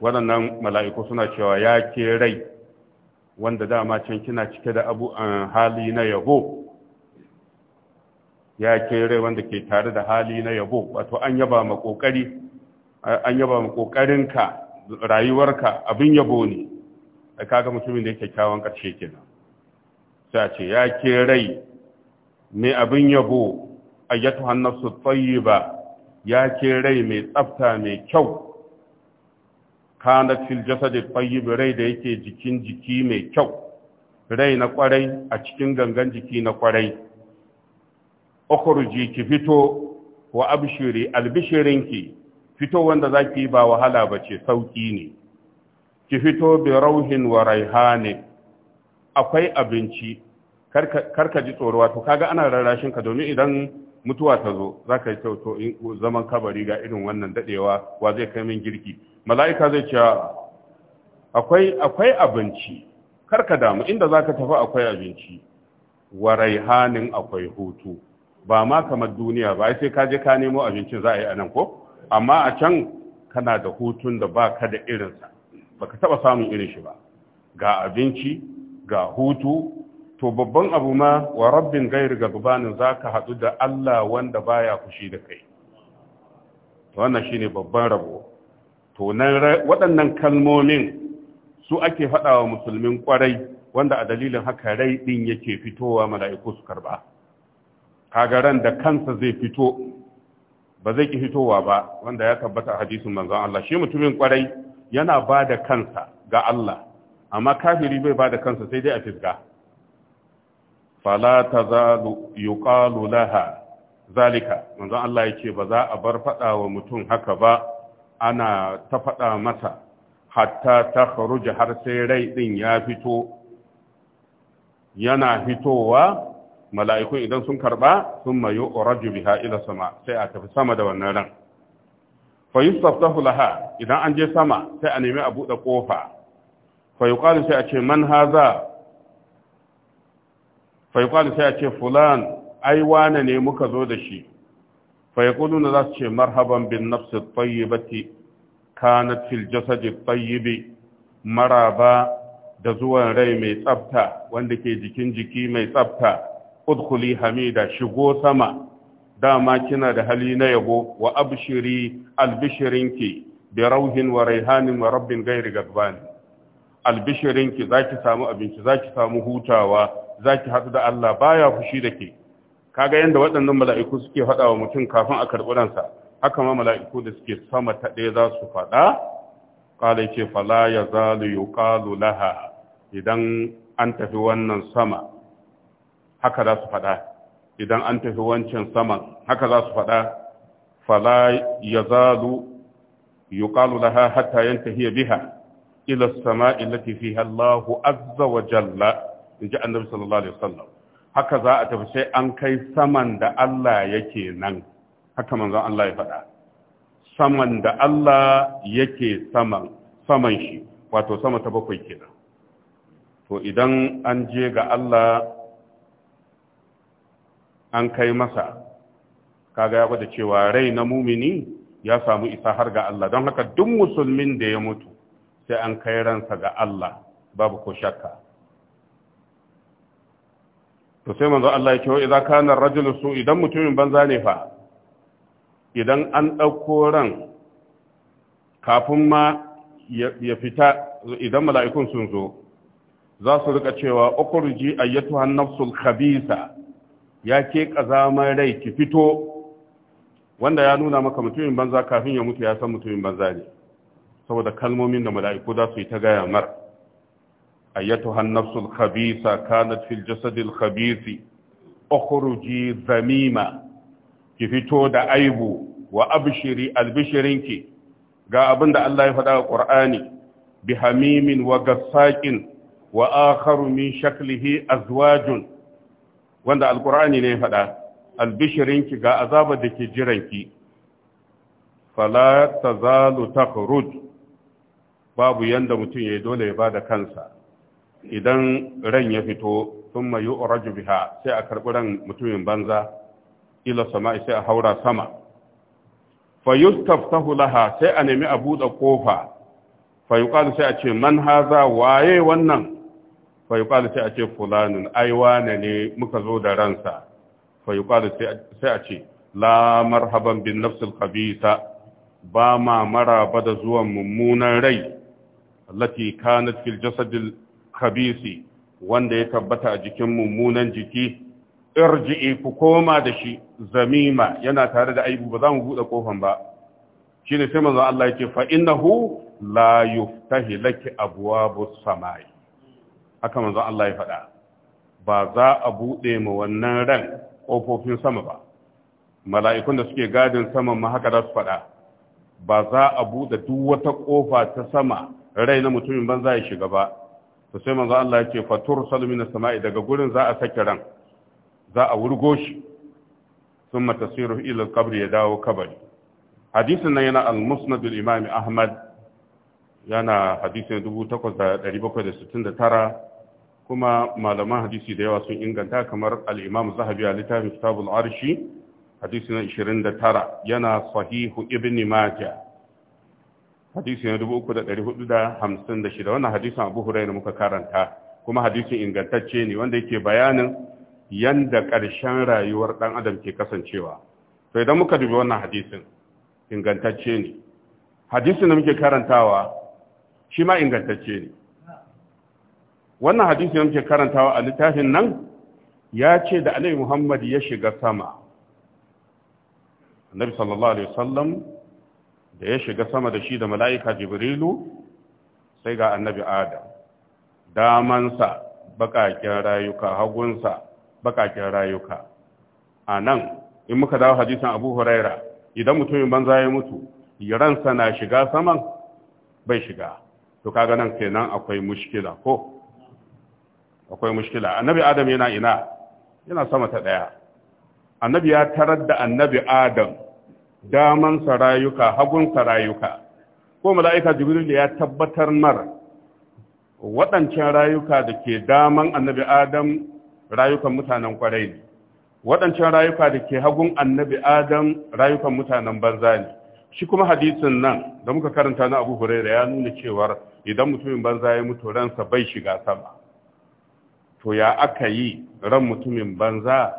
waɗannan mala'iku suna cewa ya ke rai wanda dama can kina cike da abu an eh, hali na yabo ya ke rai wanda ke tare da hali na yabo wato an yaba ma kokari an yaba ma kokarinka rayuwarka abin yabo ne da kaga mutumin da yake kyawun karshe kenan sai ce ya ke rai mai abin yabo ayyatu hannasu ba. ya ce rai mai tsafta mai kyau kanat fil jasadi tayyib rai da yake jikin jiki mai kyau rai na kwarai a cikin gangan jiki na kwarai ukhruji ki fito wa abshiri albishirinki fito wanda zaki ba wahala bace sauki ne ki fito bi rauhin wa raihani akwai abinci karka ji tsoro wato kaga ana rarrashin ka domin idan mutuwa ta zo za ka yi tauto zaman kabari ga irin wannan dadewa wa zai kai min girki mala'ika zai ce akwai akwai abinci ka damu inda za ka tafi akwai abinci wa raihanin akwai hutu ba ma kamar duniya ba sai ka je ka nemo abincin za a yi a nan ko amma a can kana da hutun da ba ka da irinsa ba ka taɓa samun irin shi ba ga abinci ga hutu to babban abu ma wa rabbin gairi gabanin za ka haɗu da Allah wanda baya kushi da kai wannan shine babban rabo to waɗannan kalmomin su ake faɗa wa musulmin ƙwarai wanda a dalilin haka rai ɗin yake fitowa mala'iku su karɓa kagaran da kansa zai fito ba zai ki fitowa ba wanda ya tabbata a hadisin manzon Allah shi mutumin ƙwarai yana ba da kansa ga Allah amma kafiri bai ba da kansa sai dai a fisga فلا تزال يقال لها zalika manzon Allah yake ba za a bar faɗawa mutum haka ba ana ta faɗa masa hatta ta kharuja har sai rai din ya yana fitowa mala'ikun idan sun karba sun mayu oraju biha ila sama sai a tafi sama da wannan ran fa yustaftahu laha idan an je sama sai a nemi a buɗe ƙofa fa yuqalu sai a ce man haza faiqalu sai a ce fulan ai wane ne muka zo da shi na za su ce marhaban bin nafsi ka kanat fil jasadi mara maraba da zuwan rai mai tsafta wanda ke jikin jiki mai tsafta udkhuli hamida shigo sama dama kina da hali na yabo wa abshiri albishirinki bi rauhin wa raihanin wa rabbin gairi gadbani albishirinki zaki samu abinci zaki samu hutawa za ki haɗu da Allah baya fushi da ke kaga yadda waɗannan mala'iku suke faɗa wa mutum kafin a karɓi ransa haka ma mala'iku da suke sama ta ɗaya za su faɗa ƙala ce fala ya zalu yi ƙalu laha idan an tafi wannan sama haka za su faɗa idan an tafi wancan saman haka za su faɗa fala ya zalu yi ƙalu laha hatta yanta hiya biha ila sama ilati fiha Allahu azza wa jalla in ji annabi sallallahu alaihi wasallam haka za a tafi sai an kai saman da Allah yake nan haka manzon Allah ya faɗa saman da Allah yake saman saman shi wato sama ta bakwai kenan to idan an je ga Allah an kai masa kaga ya bada cewa rai na mumini ya samu isa har ga Allah don haka duk musulmin da ya mutu sai an kai ransa ga Allah babu ko shakka to sai manzo Allah ya ce wa idza kana rajulu su idan mutumin banza ne fa idan an ɗauko ran kafin ma ya fita idan mala'ikun sun zo za su rika cewa ukurji an nafsul khabisa ya ke kazaman rai ki fito wanda ya nuna maka mutumin banza kafin ya mutu ya san mutumin banza ne saboda kalmomin da mala'iku za su yi ta gaya mara أيتها النفس الخبيثة كانت في الجسد الخبيث أخرجي ذميمة كفتو دا أيبو وأبشري البشرينك قا أبن الله يفدى القرآن بحميم وقصاك وآخر من شكله أزواج وأن القرآن يفدى البشرينك قا أذاب دك جرينك فلا تزال تخرج babu yanda mutum ya dole ya bada kansa idan ran ya fito sun mayu oraju biha sai a karɓi ran mutumin banza ila sama sai a haura sama ta laha sai a nemi a buɗe ƙofa fayuƙalu sai a ce man haza waye wannan fayuƙalu sai a ce fulanin aiwa ne ne muka zo da ransa fayuƙalu sai a ce la marhaban bin nafsul khabisa ba ma maraba da zuwan mummunan rai allati kanat fil jasadil khabisi wanda ya tabbata a jikin mummunan jiki irji'i ku koma da shi zamima yana tare da aibu ba za mu bude kofan ba shine sai manzon Allah yake fa innahu la yuftahi laki abwabus samai haka manzo Allah ya faɗa ba za a bude ma wannan ran kofofin sama ba mala'ikun da suke gadin sama ma haka za su faɗa ba za a buɗe duk wata kofa ta sama rai na mutumin banza ya shiga ba to sai manzo Allah ya fatur fatur salmina sama'i daga gurin za a sake ran za a wurgo shi thumma tasiru ila al-qabr ya dawo kabari hadisin nan yana al-musnad al-imam Ahmad yana hadisin 8769 kuma malaman hadisi da yawa sun inganta kamar al-imam Zahabi a littafin Kitabul Arshi hadisin 29 yana sahihu Ibn Majah hadisi na shida. wannan hadisin Abu Hurairah muka karanta kuma hadisin ingantacce ne wanda yake bayanin yanda ƙarshen rayuwar ɗan adam ke kasancewa to idan muka dubi wannan hadisin ingantacce ne hadisin da muke karantawa shi ma ingantacce ne wannan hadisi da muke karantawa a littafin nan ya ce da Annabi Muhammad ya shiga sama Annabi sallallahu alaihi wasallam da ya shiga sama da shi da mala'ika jibrilu sai ga annabi adam damansa bakakin rayuka hagunsa bakakin rayuka a nan in muka dawo hadisan abu huraira idan mutumin banza ya mutu ransa na shiga saman bai shiga to kaga nan kenan akwai mushkila ko akwai mushkila annabi adam yana ina yana sama ta daya annabi ya tarar da annabi adam daman sarayuka hagun sarayuka ko mala'ika jibril ya tabbatar mar waɗancan rayuka da ke daman annabi adam rayukan mutanen kwarai ne waɗancan rayuka da ke hagun annabi adam rayukan mutanen banza ne shi kuma hadisin nan da muka karanta na abu huraira ya nuna cewar idan mutumin banza ya mutu ransa bai shiga sama to ya aka yi ran mutumin banza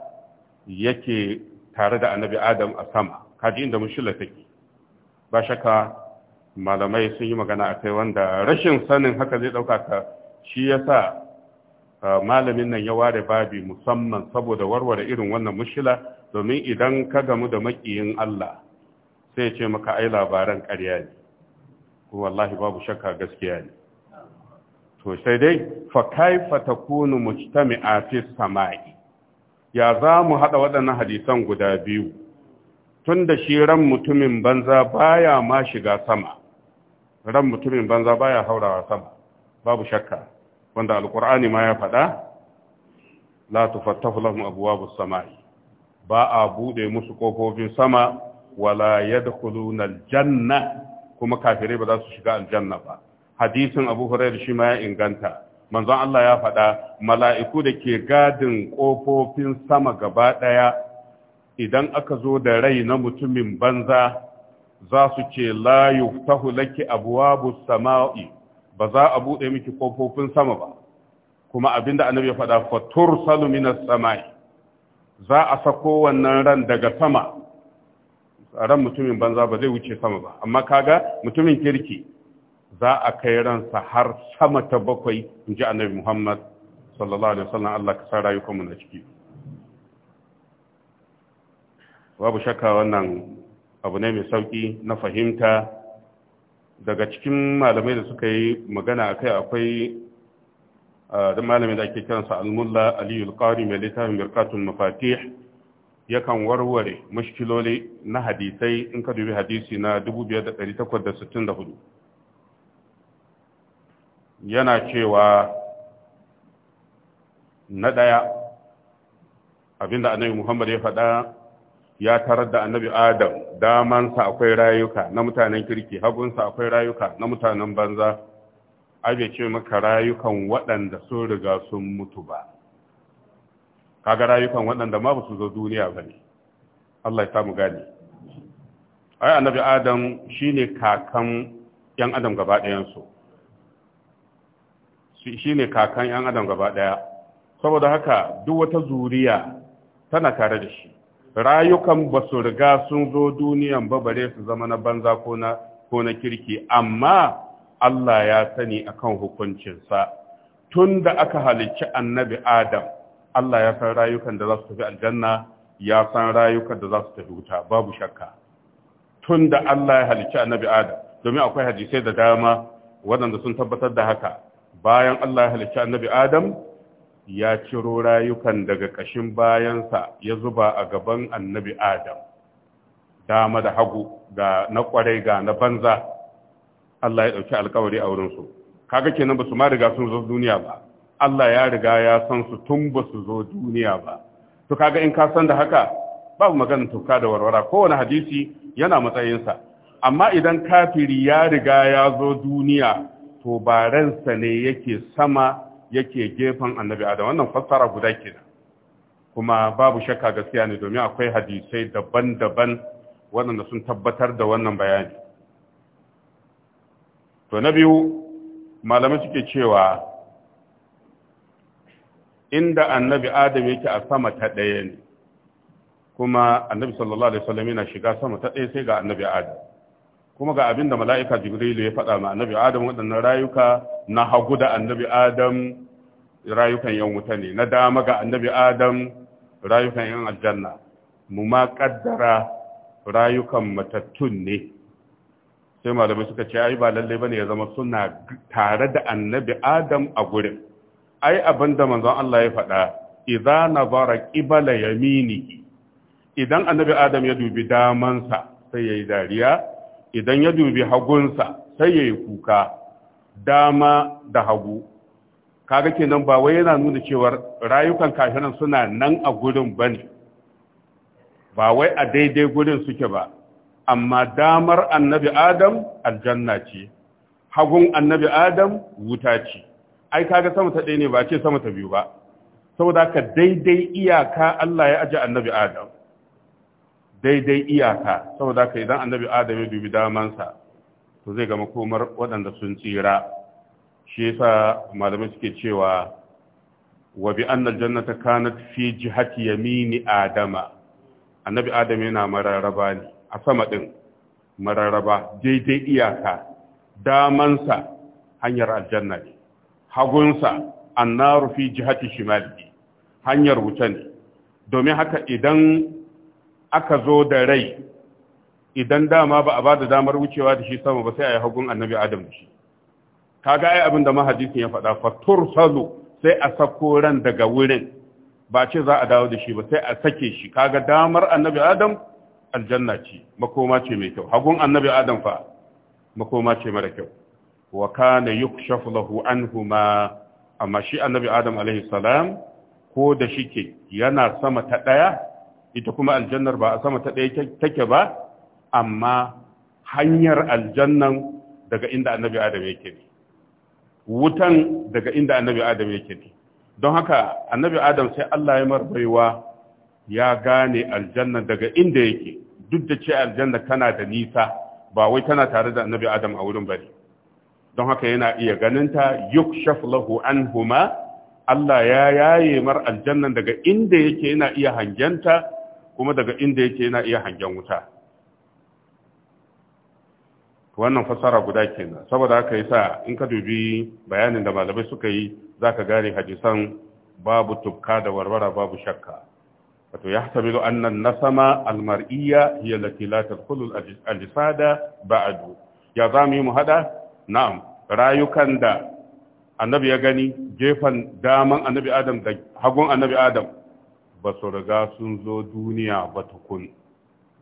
yake tare da annabi adam a sama kaji inda mushkila take ba shakka malamai sun yi magana akai wanda rashin sanin haka zai dauka ka shi yasa malamin nan ya ware babi musamman saboda warware irin wannan mushila domin idan ka gamu da makiyin Allah sai ce maka ai labaran ƙarya ne ko wallahi babu shakka gaskiya ne to sai dai fa kaifa takunu mujtami'a fi samai ya za mu hada waɗannan hadisan guda biyu tun da shi ran mutumin banza baya ma shiga sama ran mutumin banza baya haurawa sama babu shakka wanda alkur'ani ma ya faɗa la tufattahu lahum abwabus samai ba a bude musu kofofin sama wala yadkhuluna aljanna kuma kafire ba za su shiga aljanna ba hadisin abu hurairah shi ma ya inganta manzon Allah ya faɗa mala'iku da ke gadin kofofin sama gaba ɗaya idan aka zo da rai na mutumin banza za su ce la yuftahu laki abwabu sama'i ba za a bude miki kofofin sama ba kuma abinda annabi ya faɗa fa tursalu minas sama'i za a sako wannan ran daga sama ran mutumin banza ba zai wuce sama ba amma kaga mutumin kirki za a kai ransa har sama ta bakwai inji annabi Muhammad sallallahu alaihi wasallam Allah ka sa rayukanmu na ciki babu shakka wannan abu ne mai sauki na fahimta daga cikin malamai da suka yi magana akai akwai da malamin da ake kiransa almulla aliyu alqari mai littafin mirkatul mafatih yakan warware mashkiloli na hadisai in ka dubi hadisi na 5864 yana cewa na ɗaya abinda annabi muhammad ya faɗa ya tarar da annabi adam damansa akwai rayuka na mutanen kirki hagunsa akwai rayuka na mutanen banza abe ce maka rayukan waɗanda sun riga sun mutu ba kaga rayukan waɗanda ma ba su zo duniya ba ne Allah ya samu gani ai annabi adam shine kakan yan adam gaba ɗayansu shine kakan yan adam gaba ɗaya saboda haka duk wata zuriya tana tare da shi rayukan ba su riga sun zo duniyan ba bare su zama na banza ko na ko na kirki amma Allah ya sani akan hukuncinsa tun da aka halicci annabi Adam Allah ya san rayukan da za su tafi aljanna ya san rayukan da za su tafi wuta babu shakka tun Allah ya halicci annabi Adam domin akwai hadisai da dama waɗanda sun tabbatar da haka bayan Allah ya halicci annabi Adam ya ciro rayukan daga ƙashin bayansa ya zuba a gaban annabi Adam, dama da hagu ga na ƙwarai ga na banza, Allah ya ɗauki alkawari a wurinsu. Kaga kenan ba su ma riga sun zo duniya ba, Allah ya riga ya san su tun ba su zo duniya ba. To kaga in ka san da haka, babu maganin tuka da warwara, kowane hadisi yana matsayinsa. Amma idan kafiri ya riga ya zo duniya, to ba ransa ne yake sama yake gefen annabi adam wannan fassara guda da kuma babu shakka gaskiya ne domin akwai hadisai daban-daban waɗanda sun tabbatar da wannan bayani to na biyu malamai suke cewa inda annabi adam yake a sama ta ɗaya ne kuma annabi sallallahu alaihi wasallam yana shiga sama ta ɗaya sai ga annabi adam kuma ga abin da mala'ika jibrilu ya faɗa ma annabi adam waɗannan rayuka na hagu da annabi adam rayukan yan wuta ne na dama ga annabi adam rayukan yan aljanna mu ma ƙaddara rayukan matattun ne sai malamai suka ce ai ba lallai bane ya zama suna tare da annabi adam a gurin ai abinda manzon Allah ya faɗa idza nazara qibla yaminihi idan annabi adam ya dubi damansa sai yayi dariya idan ya dubi hagunsa sai ya yi kuka dama da hagu kaga kenan ba wai yana nuna cewar rayukan kafiran suna nan a gurin ba ne ba wai a daidai gurin suke ba amma damar annabi adam aljanna ce hagun annabi adam wuta ce ai kaga sama ta ɗaya ne ba ce sama ta biyu ba saboda ka daidai iyaka Allah ya aji annabi adam daidai iyaka saboda haka idan annabi adam ya dubi damansa to zai ga makomar waɗanda sun tsira shi yasa malamai suke cewa wa bi annal jannata kanat fi jihati yamini adama annabi adam yana mararraba ne a sama din mararaba daidai iyaka damansa hanyar aljanna ne hagunsa annaru fi jihati shimali hanyar wuta ne domin haka idan aka zo da rai idan dama ba a ba da damar wucewa da shi sama ba sai a yi hagun annabi adam da shi ga ai abin da mahadisin ya faɗa fatur salo sai a sako ran daga wurin ba ce za a dawo da shi ba sai a sake shi Ka ga damar annabi adam aljanna ce makoma ce mai kyau hagun annabi adam fa makoma ce mara kyau wa kana yukshafu lahu anhuma amma shi annabi adam alaihi salam ko da shike yana sama ta daya ita kuma aljannar ba a sama ta ɗaya take ba amma hanyar aljannan daga inda annabi adam yake ne wutan daga inda annabi adam yake ne don haka annabi adam sai Allah ya marbaiwa ya gane aljannan daga inda yake duk da ce aljanna tana da nisa ba wai tana tare da annabi adam a wurin bari don haka yana iya ganinta yuk lahu anhuma Allah ya yaye mar aljannan daga inda yake yana iya hangenta kuma daga inda yake yana iya hangen wuta wannan fasara guda kenan saboda haka yasa in ka dubi bayanin da malamai suka yi zaka gane hadisan babu tubka da warwara babu shakka wato yahtamilu anna nasama almar'iyya hiya allati la tadkhulu al-ajsada ba'du ya zami mu hada na'am rayukan da annabi ya gani gefen daman annabi adam da hagun annabi adam ba su riga sun zo duniya ba tukun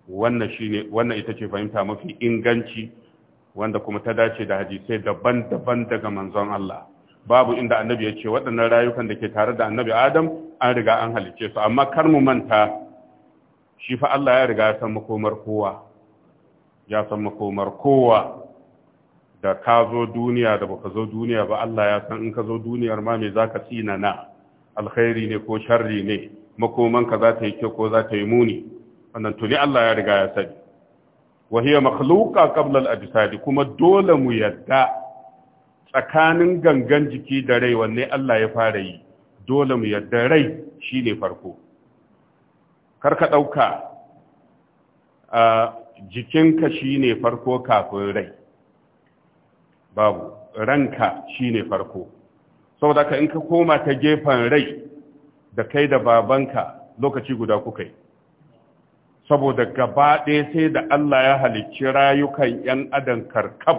wannan ne wannan ita ce fahimta mafi inganci wanda kuma ta dace da hadisai daban-daban daga manzon Allah babu inda annabi ya ce waɗannan rayukan da ke tare da annabi Adam an riga an halice su amma kar mu manta shi fa Allah ya riga san makomar kowa ya san makomar kowa da ka zo duniya da baka zo duniya ba Allah ya san in ka zo duniyar ma me zaka tsina na alkhairi ne ko sharri ne makomanka za ta yi kyau ko za ta yi muni wannan tuni Allah ya riga ya sani wa hiya makhluqa qabla al-ajsad kuma dole mu yadda tsakanin gangan jiki da rai wanne Allah ya fara yi dole mu yadda rai shine farko karka dauka a jikinka shine farko kafin rai babu ranka shine farko saboda ka in ka koma ta gefen rai da kai da babanka lokaci guda kuka yi saboda gaba ɗaya sai da Allah ya halicci rayukan 'yan adam karkab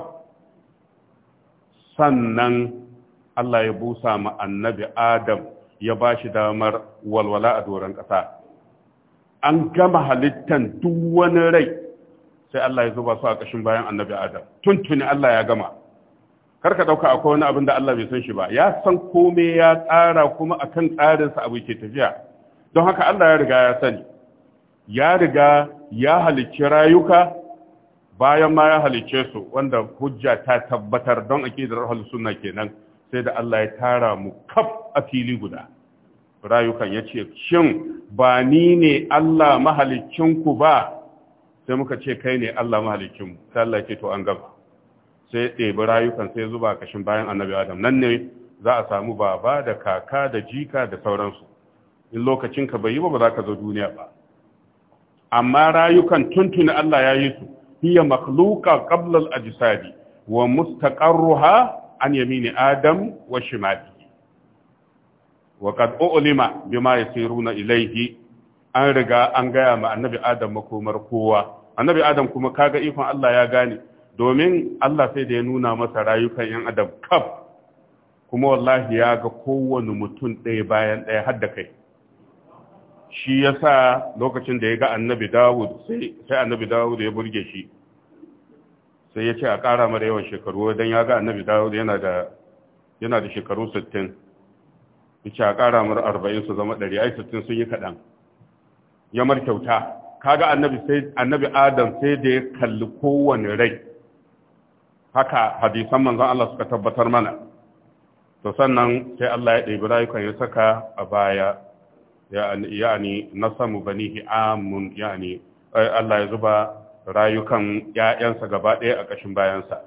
sannan Allah ya busa ma annabi Adam ya ba shi damar walwala a doron ƙasa. An gama halittan duk wani rai sai Allah ya zuba su a ƙashin bayan annabi Adam. Tuntuni Allah ya gama. Kar ka dauka akwai wani abin da Allah bai san shi ba ya san kome ya tsara kuma akan tsarin sa abu ke tafiya don haka Allah ya riga ya sani ya riga ya halicci rayuka bayan ma ya halicce su wanda hujja ta tabbatar don akidar ahlus sunna kenan sai da Allah ya tara mu kaf a fili guda rayukan ya ce shin ba ni ne Allah mahalicin ku ba sai muka ce kai ne Allah mahalicin sai Allah ce to an gaba sai ɗebi rayukan sai zuba kashin bayan annabi adam nan ne za a samu baba da kaka da jika da sauransu in lokacin ka bai yi ba ba za ka zo duniya ba amma rayukan tuntuni Allah ya yi su hiya makhluka qabla al-ajsadi wa mustaqarruha an yamini adam wa shimali wa qad ulima bima yasiruna ilayhi an riga an gaya ma annabi adam makomar kowa annabi adam kuma kaga ikon Allah ya gane domin Allah sai da ya nuna masa rayukan yan adam kaf kuma wallahi ya ga kowane mutum ɗaya bayan ɗaya har da kai shi ya sa lokacin da ya ga annabi dawud sai annabi dawud ya burge shi sai ya ce a ƙara mara yawan shekaru don ya ga annabi dawud yana da shekaru 60 ya ce a ƙara mara 40 su zama ɗari ai 60 sun yi kaɗan ya mar kyauta ga annabi adam sai da ya kalli kowane rai haka hadisan manzon Allah suka tabbatar mana to sannan sai Allah ya ɗebi rayukan ya saka a baya Ya'ani na samu banihi amun ya'ani eh, Allah ya zuba rayukan ‘ya'yansa gaba ɗaya a ƙashin bayansa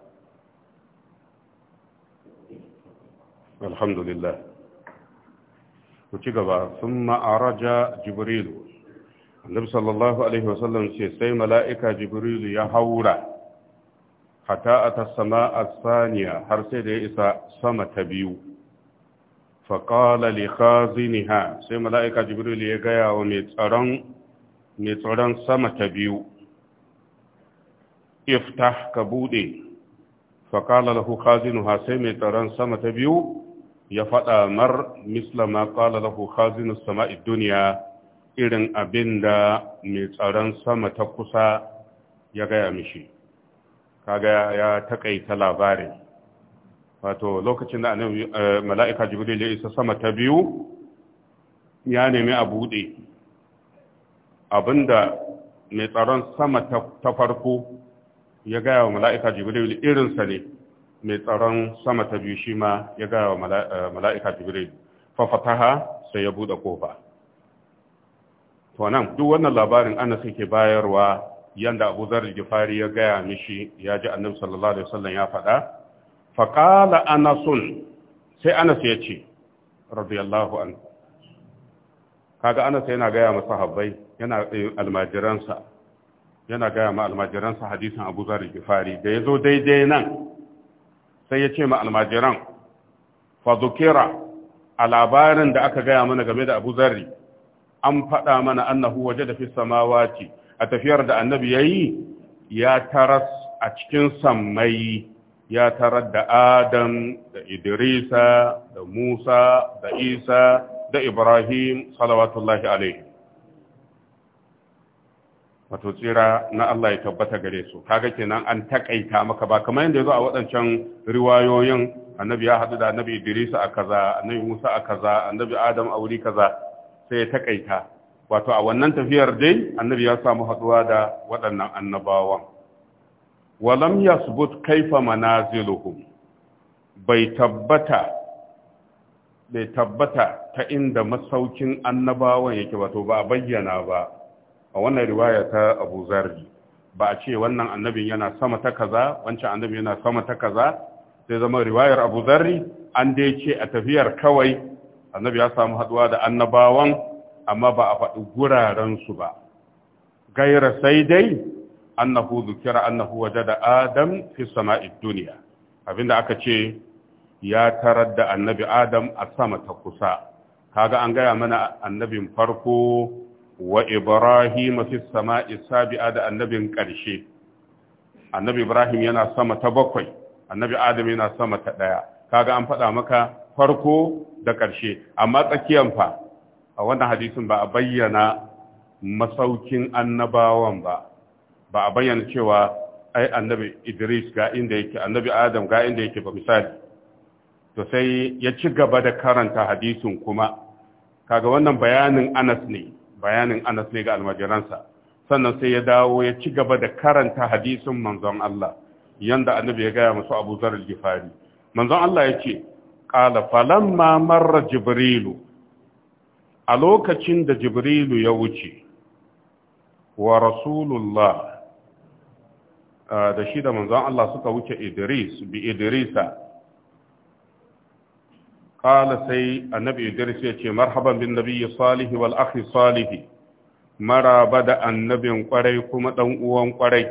alhamdulillah ku ci gaba sun ma'araja jibrilu annabi sallallahu alaihi wasallam ce sai mala'ika jibrilu ya haura Hata a ta sama a saniya har sai da ya isa sama ta biyu faƙala likhaziniha sai mala'ika jibril ya gaya wa mai tsaron sama ta biyu Ifta ka buɗe faƙala lahu sai mai tsaron sama ta biyu ya faɗa mar mislama ƙala lahu sama duniya irin abin da mai tsaron sama ta kusa ya gaya mishi kaga ya takaita labarin wato lokacin da annabi eh, mala'ika jibril ya isa sama ta biyu ya nemi a buɗe. abinda mai tsaron sama ta farko ya gaya wa mala'ika jibril irinsa ne mai tsaron sama ta biyu shi ma ya gaya wa eh, mala'ika jibril fafataha sai ya buɗe kofa to nan duk wannan labarin ana suke bayarwa yanda Abu Zar Jifari ya gaya mishi ya ji Annabi sallallahu alaihi wasallam ya faɗa fa qala anasun sai Anas ya ce radiyallahu an kaga Anas yana gaya masa sahabbai yana eh, almajiransa yana gaya ma almajiransa hadisin Abu Zar Jifari da yazo daidai nan sai ya ce ma almajiran fa dhukira a labarin da aka gaya mana game da Abu Dharr an faɗa mana annahu waje da fi samawati a tafiyar da annabi ya yi ya taras a cikin sammai ya tarar da adam da idrisa da musa da isa da ibrahim salawatullahi alaihi wato tsira na Allah ya tabbata gare su kaga kenan an takaita maka ba kamar yadda yazo a waɗancan riwayoyin annabi ya haɗu da annabi Idris a kaza annabi Musa a kaza annabi Adam a wuri kaza sai ya takaita wato a wannan tafiyar dai annabi ya samu haduwa da waɗannan annabawan walam yasbut kaifa manaziluhum bai tabbata bai tabbata ta inda masaukin annabawan yake wato ba a bayyana ba a wannan riwaya ta Abu Zarri ba a ce wannan annabin yana sama ta kaza wancan annabin yana sama ta kaza sai zama riwayar Abu Zarri an dai ce a tafiyar kawai annabi ya samu haduwa da annabawan amma ba a faɗi gurarensu ba gaira sai dai annahu zukira annahu wajada adam fi sama'id duniya abinda aka ce ya tarar da annabi adam a sama ta kusa kaga an gaya mana annabin farko wa ibrahim fi sama'is sabi'a da annabin ƙarshe annabi ibrahim yana sama ta bakwai annabi adam yana sama ta ɗaya kaga an faɗa maka farko da ƙarshe amma tsakiyan fa a wannan hadisin ba a bayyana masaukin annabawan ba ba a bayyana cewa ai annabi Idris ga inda yake annabi Adam ga inda yake ba misali to sai ya ci gaba da karanta hadisin kuma kaga wannan bayanin Anas ne bayanin Anas ne ga almajiransa sannan sai ya dawo ya ci gaba da karanta hadisin manzon Allah yanda annabi ya gaya musu Abu Zar gifari manzon Allah ya ce, qala falamma marra jibrilu a lokacin da jibrilu ya wuce wa rasulullah da shi da manzon Allah suka wuce Idris bi Idrisa qala sai annabi Idris ya ce marhaban bin nabiyyi salihi wal akhi salihi maraba da annabin kwarai kuma dan uwan kwarai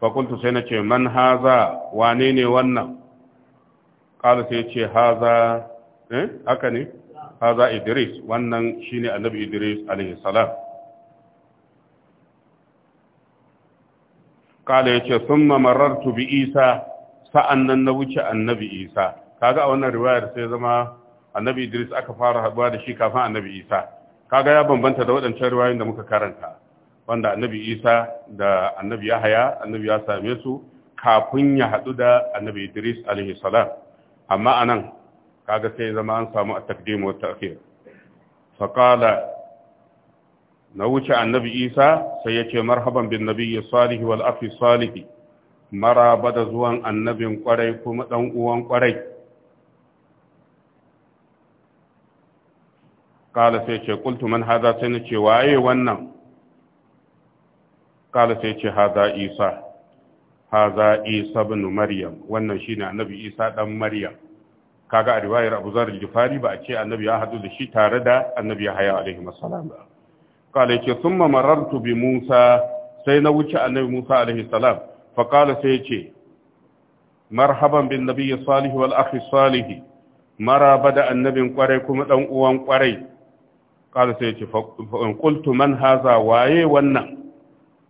kuntu sai na man haza wane ne wannan Kala sai ya ce haza eh haka ne haza Idris wannan shine annabi Idris alaihi salam kala yace summa marartu bi Isa sa'annan na wuce annabi Isa kaga a wannan riwayar sai zama annabi Idris aka fara haɗuwa da shi kafin annabi Isa kaga ya bambanta da waɗancan riwayoyin da muka karanta wanda annabi Isa da annabi Yahaya annabi ya same su kafin ya haɗu da annabi Idris alaihi salam amma anan kaga sai zama an samu a takdimu ta akhir na wuce annabi isa sai ya ce marhaban bin nabiyyi salihi wal afi salihi maraba da zuwan annabin kwarai kuma dan uwan kwarai Kala sai ce ƙultu man haza sai na ce waye wannan Kala sai ce haza isa haza isa bin maryam wannan shine annabi isa dan maryam kaga a riwayar Abu Zar al-Ghifari ba a ce annabi ya hadu da shi tare da annabi ya haya alaihi masallam ba kala yace summa marartu bi Musa sai na wuce annabi Musa alaihi salam fa kala sai ce marhaban bin nabiy Salihu wal akhi salih mara bada annabin kwarai kuma dan uwan kwarai kala sai ce fa qultu man haza waye wannan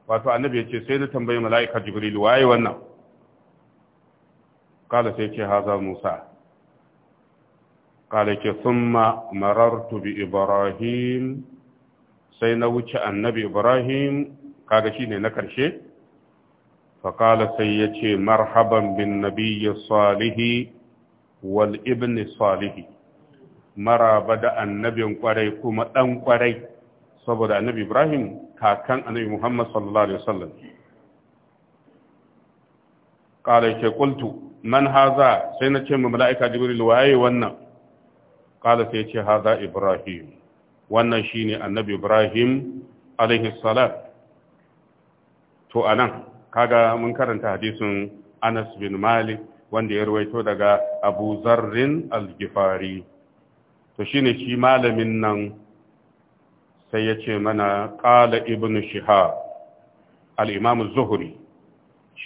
wato annabi yace sai na tambayi mala'ika jibril waye wannan kala sai ce haza Musa قال ثم مررت بإبراهيم سينا وجه النبي إبراهيم قال شيني نكرشي فقال سيدي مرحبا بالنبي الصالح والابن الصالح mara ba da annabin kwarai kuma ɗan kwarai saboda annabi ibrahim kakan annabi muhammad sallallahu alaihi wasallam ƙala ke kultu man haza sai na ce ma mala'ika jibril waye wannan qala sai ce haza ibrahim wannan shine annabi ibrahim alaihi salam to anan kaga mun karanta hadisin Anas bin Malik wanda ya ruwaito daga Abu Zarrin al-Ghifari to shine shi malamin nan sai ya ce mana qala ibn shihab al-imam az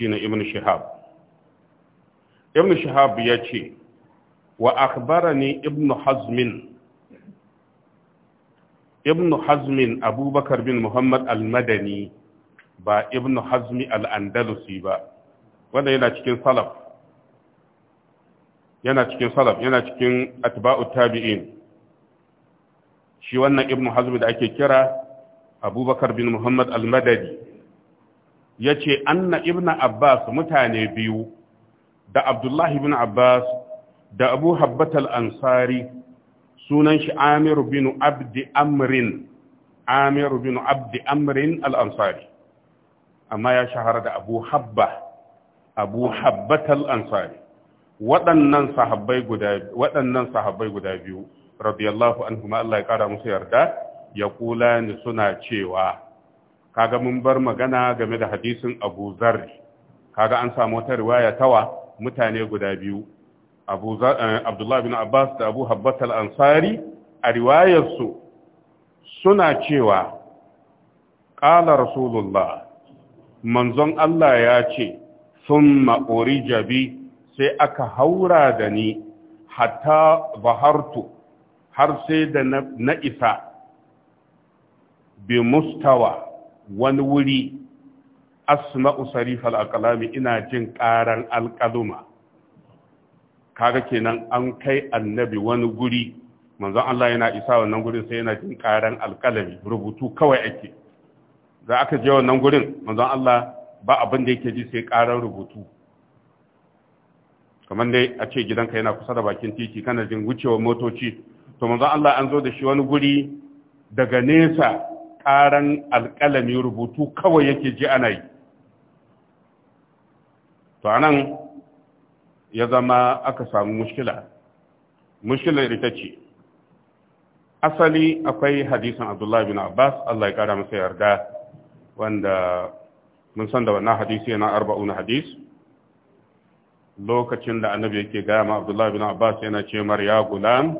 ibn shihab ibn shihab ya ce wa akhbarani ibnu hazmin ibnu hazmin abubakar bin muhammad al-madani ba ibnu hazmi al-andalusi ba wanda yana cikin salaf yana cikin salaf yana cikin atba'u tabi'in shi wannan ibnu hazmi da ake kira abubakar bin muhammad al-madani ya ce anna ibnu abbas mutane biyu da abdullahi bin abbas da abu habbatal ansari sunan shi amiru bin abdi amrin amiru bin abdi amrin al-ansari amma ya shahara da abu habba abu habbatal ansari waɗannan sahabbai guda waɗannan sahabbai guda biyu radiyallahu anhuma Allah ya kara musu yarda ya kula ni suna cewa kaga mun bar magana game da hadisin Abu Ka kaga an samu wata riwaya tawa mutane guda biyu abu eh, abdullahi bin abbas da abu habbat al-ansari a riwayarsu suna cewa ƙala rasulullah manzon allah ya ce sun ma'ori jabi sai aka haura da ni hata bahartu har sai da na isa bi mustawa wani wuri asma'u sarifal alƙalami ina jin ƙaran alƙaluma kaga kenan an kai annabi wani guri manzon Allah yana isa wannan gurin sai yana jin karan rubutu kawai ake da aka je wannan gurin manzon Allah ba abin da yake ji sai karan rubutu kamar dai a ce gidanka yana kusa da bakin titi kana jin wucewar motoci to manzon Allah an zo da shi wani guri daga nesa karan alkalami rubutu kawai yake ji ana yi to anan ya zama aka samu mushkila mushkilar ita ce asali akwai hadisan abdullahi bin abbas allah ya kara masa yarda wanda mun san da wannan hadisi yana arba'un hadis lokacin da annabi yake gaya ma abdullahi bin abbas yana ce mar ya gulam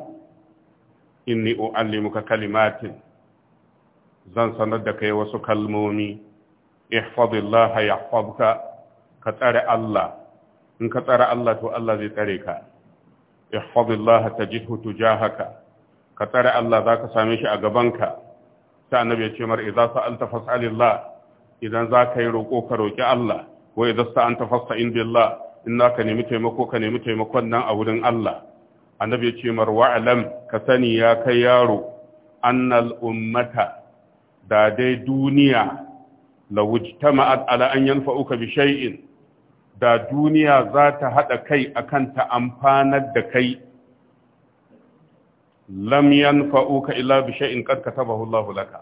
inni u'allimuka kalimatin zan sanar da kai wasu kalmomi ihfazillah yahfazka ka tsare allah in ka tsara Allah to Allah zai tsare ka ihfazillaha tajidhu tujahaka ka tsare Allah za ka same shi a gabanka sai annabi ya ce mar idza sa'alta fas'alillah idan za ka yi roƙo ka roƙi Allah wa idza sta'anta fasta'in Indillah! in ka nemi taimako ka nemi taimakon nan a wurin Allah annabi ya ce mar wa'lam ka sani ya kai yaro annal ummata da dai duniya lawujtama'at ala an yanfa'uka bi shay'in da duniya za ta haɗa kai akan ta amfanar da kai Lamyan fa'uka ila bi shay'in qad katabahu laka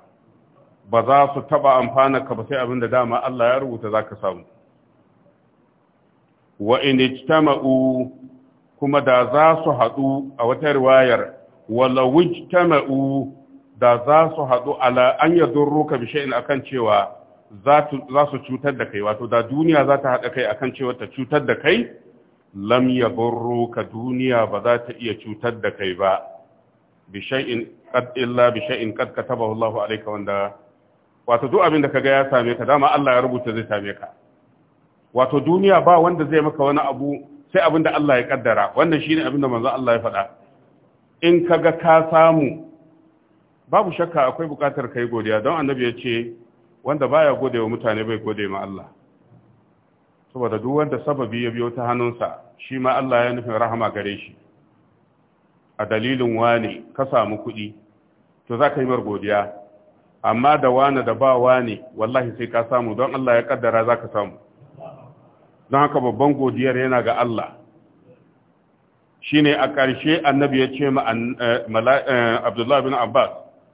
ba za su taba amfana ka ba sai abinda dama Allah ya rubuta za ka samu. Wa inijtama'u kuma da za su haɗu a wata riwayar, wala wujtama'u da za su haɗu ala an yă durruka bishe'in a cewa za su cutar da kai wato da duniya za ta haɗa kai a kan cewa ta cutar da kai lam ya ka duniya ba za ta iya cutar da kai ba bishai'in qad illa bishai'in taba Allah Allahu alayka wanda wato duk abin da kaga ya same ka dama Allah ya rubuta zai same ka wato duniya ba wanda zai maka wani abu sai abin da Allah ya kaddara wannan shine abin da manzo Allah ya faɗa in kaga ka samu babu shakka akwai buƙatar kai godiya don annabi ya ce wanda baya gode wa mutane bai gode ma Allah saboda duk wanda sababi ya biyo ta hannunsa shi ma Allah ya nufin rahama gare shi a dalilin wane ka samu kuɗi to za ka yi mar godiya amma da wane da ba wane wallahi sai ka samu don Allah ya kaddara za ka samu don haka babban godiyar yana ga Allah shine a ƙarshe annabi ya ce ma eh, eh, abdullah bin Abbas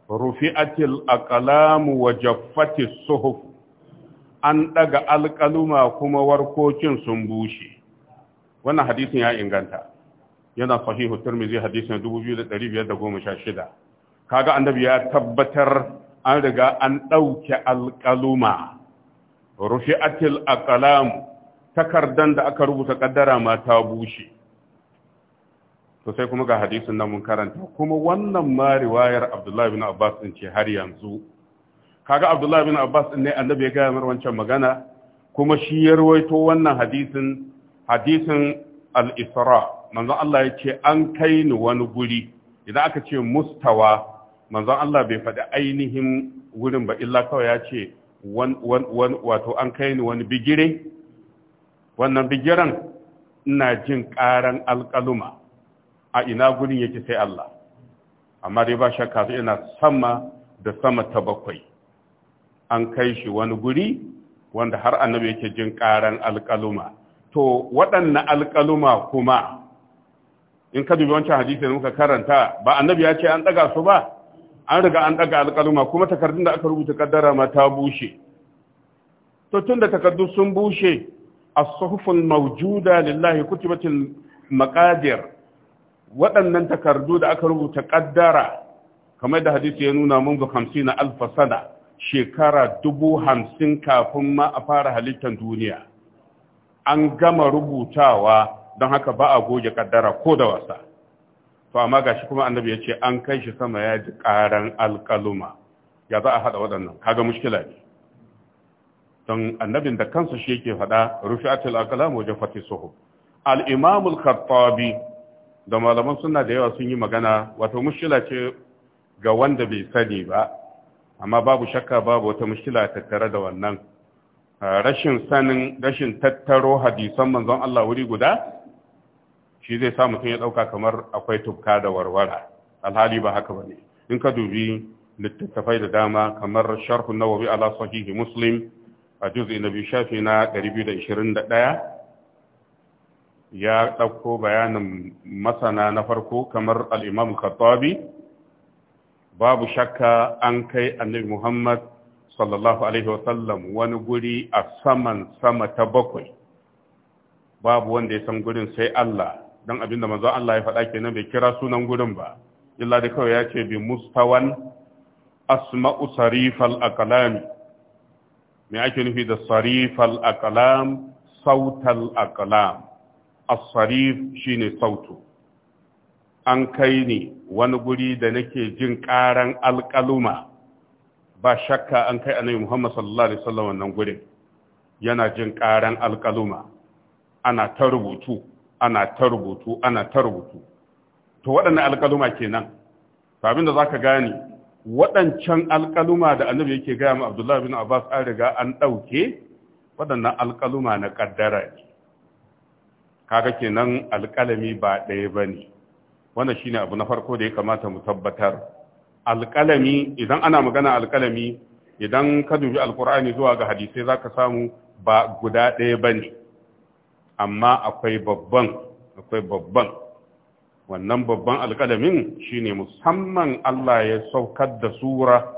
rufi'atil aqlamu wa jaffatis suhuf an ɗaga alƙaluma kuma warkokin sun bushe wannan hadisin ya inganta yana sahihu tirmidhi hadisin 2516 kaga annabi ya tabbatar an riga an dauke alƙaluma rufi'atil aqlam takardar da aka rubuta ƙaddara ma ta bushe to sai kuma ga hadisin nan mun karanta kuma wannan ma riwayar Abdullah bin Abbas din ce har yanzu kaga Abdullah bin Abbas din ne annabi ya gaya mar wancan magana kuma shi ya rawaito wannan hadisin hadisin al-Isra manzo Allah ya ce an kai ni wani guri idan aka ce mustawa manzo Allah bai faɗi ainihin gurin ba illa kawai ya ce wato an kai ni wani bigire wannan bigiren ina jin ƙaran alƙaluma a ina gurin yake sai Allah amma dai ba shakka su yana sama da sama ta bakwai an kai shi wani guri wanda har annabi yake jin ƙaran alƙaluma to waɗannan alƙaluma kuma in ka dubi wancan hadisi da muka karanta ba annabi ya ce an ɗaga su ba an riga an ɗaga alƙaluma kuma takardun da aka rubuta kaddara ma ta bushe to tun da takardu sun bushe a tsoffin mawjuda lillahi kutibatil maqadir waɗannan takardu da aka rubuta ƙaddara kamar da hadisi ya nuna munzu hamsin na alfasana shekara dubu hamsin kafin ma a fara halittar duniya an gama rubutawa don haka ba a goge ƙaddara ko da wasa to amma gashi kuma annabi ya ce an kai shi sama ya ji ƙaran alƙaluma ya za a haɗa waɗannan kaga mushkila ne don annabin da kansa shi yake faɗa rufi aqlam wa jafati suhuf al imamul al-khattabi da malaman suna da yawa sun yi magana wato mushkila ce ga wanda bai sani ba amma babu shakka babu wata mushkila tattare da wannan ah, rashin sanin rashin tattaro hadisan manzon Allah wuri guda shi zai sa mutum ya ɗauka kamar akwai tubka da warwara alhali ba haka bane in ka dubi littattafai da dama kamar sharhun nawawi ala sahihi muslim a juz'i na biyu shafi na 221 ya ɗauko bayanin masana na farko kamar al'imam khattabi babu shakka an kai annabi muhammad sallallahu alaihi wasallam wani guri a saman sama ta bakwai babu wanda ya san gurin sai allah don abinda manzo allah ya faɗa ke kenan bai kira sunan gurin ba illa da kawai ya ce bi mustawan asma'u sarifal akalami, me ake nufi da sarifal aqlam sautal aqlam Asarif shi ne sautu an kai ni wani guri da nake jin ƙaran alƙaluma ba shakka an kai annabi Muhammad sallallahu alaihi wasallam wannan gurin yana jin ƙaran alƙaluma ana ta rubutu ana ta rubutu ana ta rubutu to waɗannan alƙaluma kenan to abinda zaka gane waɗancan alƙaluma da annabi yake gaya ma Abdullahi bin Abbas an riga an ɗauke waɗannan alƙaluma na ƙaddara ne kaga kenan alƙalami ba ɗaya ba ne shi ne abu na farko da ya kamata mu tabbatar alƙalami idan ana magana alƙalami idan ka dubi alƙur'ani zuwa ga hadisai za ka samu ba guda ɗaya ba ne amma akwai babban akwai babban wannan babban alƙalamin ne musamman Allah ya saukar da sura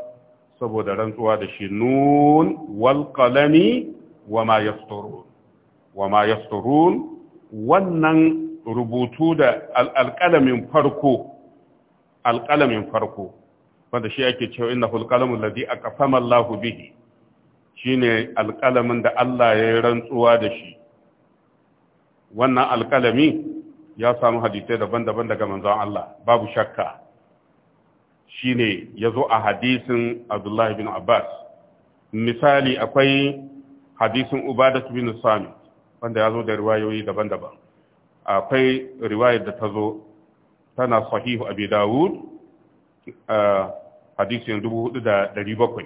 saboda rantsuwa da shi nun walƙalami wa ma wa ma yasturun wannan rubutu da alƙalamin farko alƙalamin farko wanda shi ake cewa inna hulƙalamin ladhi aqsama Allahu bihi shine alƙalamin da Allah ya yi rantsuwa da shi wannan alƙalami ya samu hadisai daban-daban daga manzon Allah babu shakka shine zo a hadisin Abdullahi bin Abbas misali akwai hadisin Ubadah bin Samit wanda ya zo da riwayoyi daban-daban akwai riwayar da ta zo tana sahihu abi dawud hadisin 4700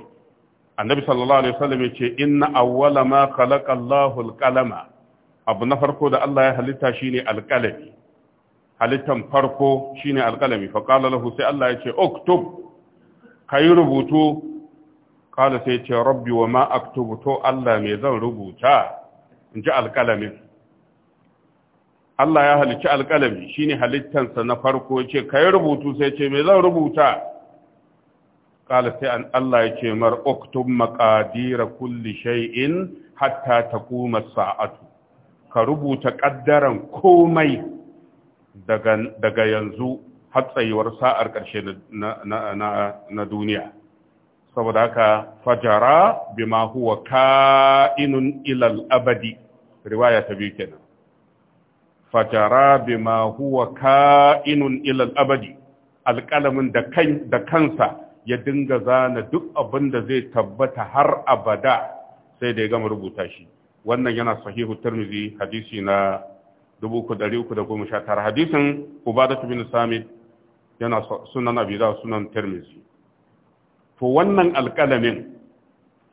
annabi sallallahu alaihi wasallam yace inna awwala ma khalaqa Allahu al abu na farko da Allah ya halitta shine al halittan farko shine alkalami qalami fa qala lahu sai Allah yace uktub kai rubutu qala sai yace rabbi wa ma aktubu to Allah me zan rubuta in ji alƙalamin Allah ya halicci alƙalami shine halittansa na farko ce kai rubutu sai ce me zan rubuta ƙala sai an Allah yake mar oktun maqadira kulli shay'in hatta ta kuma saatu ka rubuta ƙaddaran komai daga yanzu har tsayuwar sa'ar ƙarshe na na na duniya saboda haka fajara bima huwa ka'inun ilal abadi riwaya ta biyu kenan fajara bima huwa ka'inun ilal abadi alƙalamin da kan da kansa ya dinga zana duk abin da zai tabbata har abada sai da ya gama rubuta shi wannan yana sahihu tirmidhi hadisi na 3319 hadisin ubadatu bin samit yana sunan abi da sunan tirmidhi to wannan alƙalamin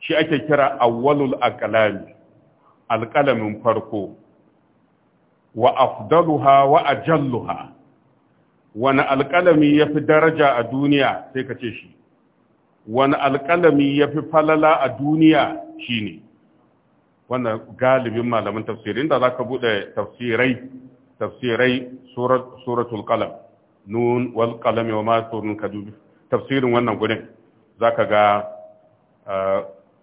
shi ake kira awwalul aqlami alƙalamin farko wa afdaluha wa ajalluha wani alƙalami ya fi daraja a duniya sai ka ce shi wani alƙalami ya fi falala a duniya shi ne wannan galibin malamin tafsirin da za ka buɗe tafsirai tafsirai suratul qalam nun wal qalami wa ma tafsirin wannan gudun za ka ga eh,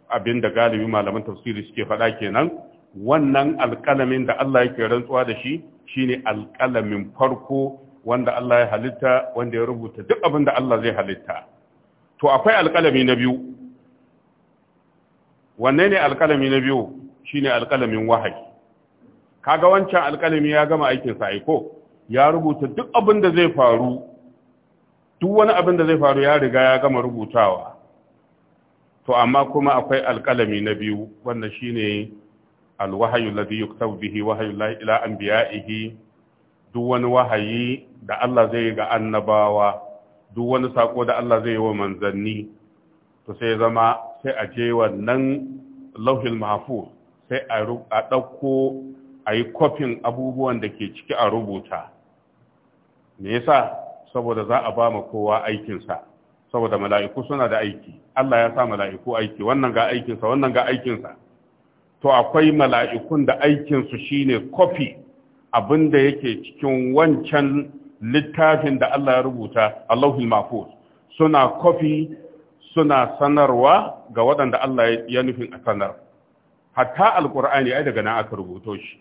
abin da galibi malaman tafsiri suke faɗa kenan wannan alƙalamin da Allah yake rantsuwa da shi shine alƙalamin farko wanda Allah ya halitta wanda ya rubuta duk abin da Allah zai halitta to akwai alƙalami na biyu wanne ne alƙalami na biyu shine alƙalamin wahayi kaga wancan alƙalami ya gama aikin sa aiko ya rubuta duk abin da zai faru duk wani abin da zai faru ya riga ya gama rubutawa to amma kuma akwai alƙalami na biyu Wannan shine alwahayu ladhi yuktab bihi wahayu ila anbiya'ihi duk wani wahayi da Allah zai ga annabawa duk wani sako da Allah zai wa manzanni to sai zama sai a je wannan lauhil mahfuz sai a ɗauko a yi kofin abubuwan da ke ciki a rubuta me yasa saboda za a ba ma kowa aikinsa saboda mala'iku suna da aiki Allah ya sa mala'iku aiki wannan ga aikinsa wannan ga aikinsa to akwai mala'ikun da aikinsu shine kofi abinda yake cikin wancan littafin da Allah ya rubuta Allahul Mahfuz suna kofi suna sanarwa ga waɗanda Allah ya nufin a sanar hatta alqur'ani ai daga nan aka rubuto shi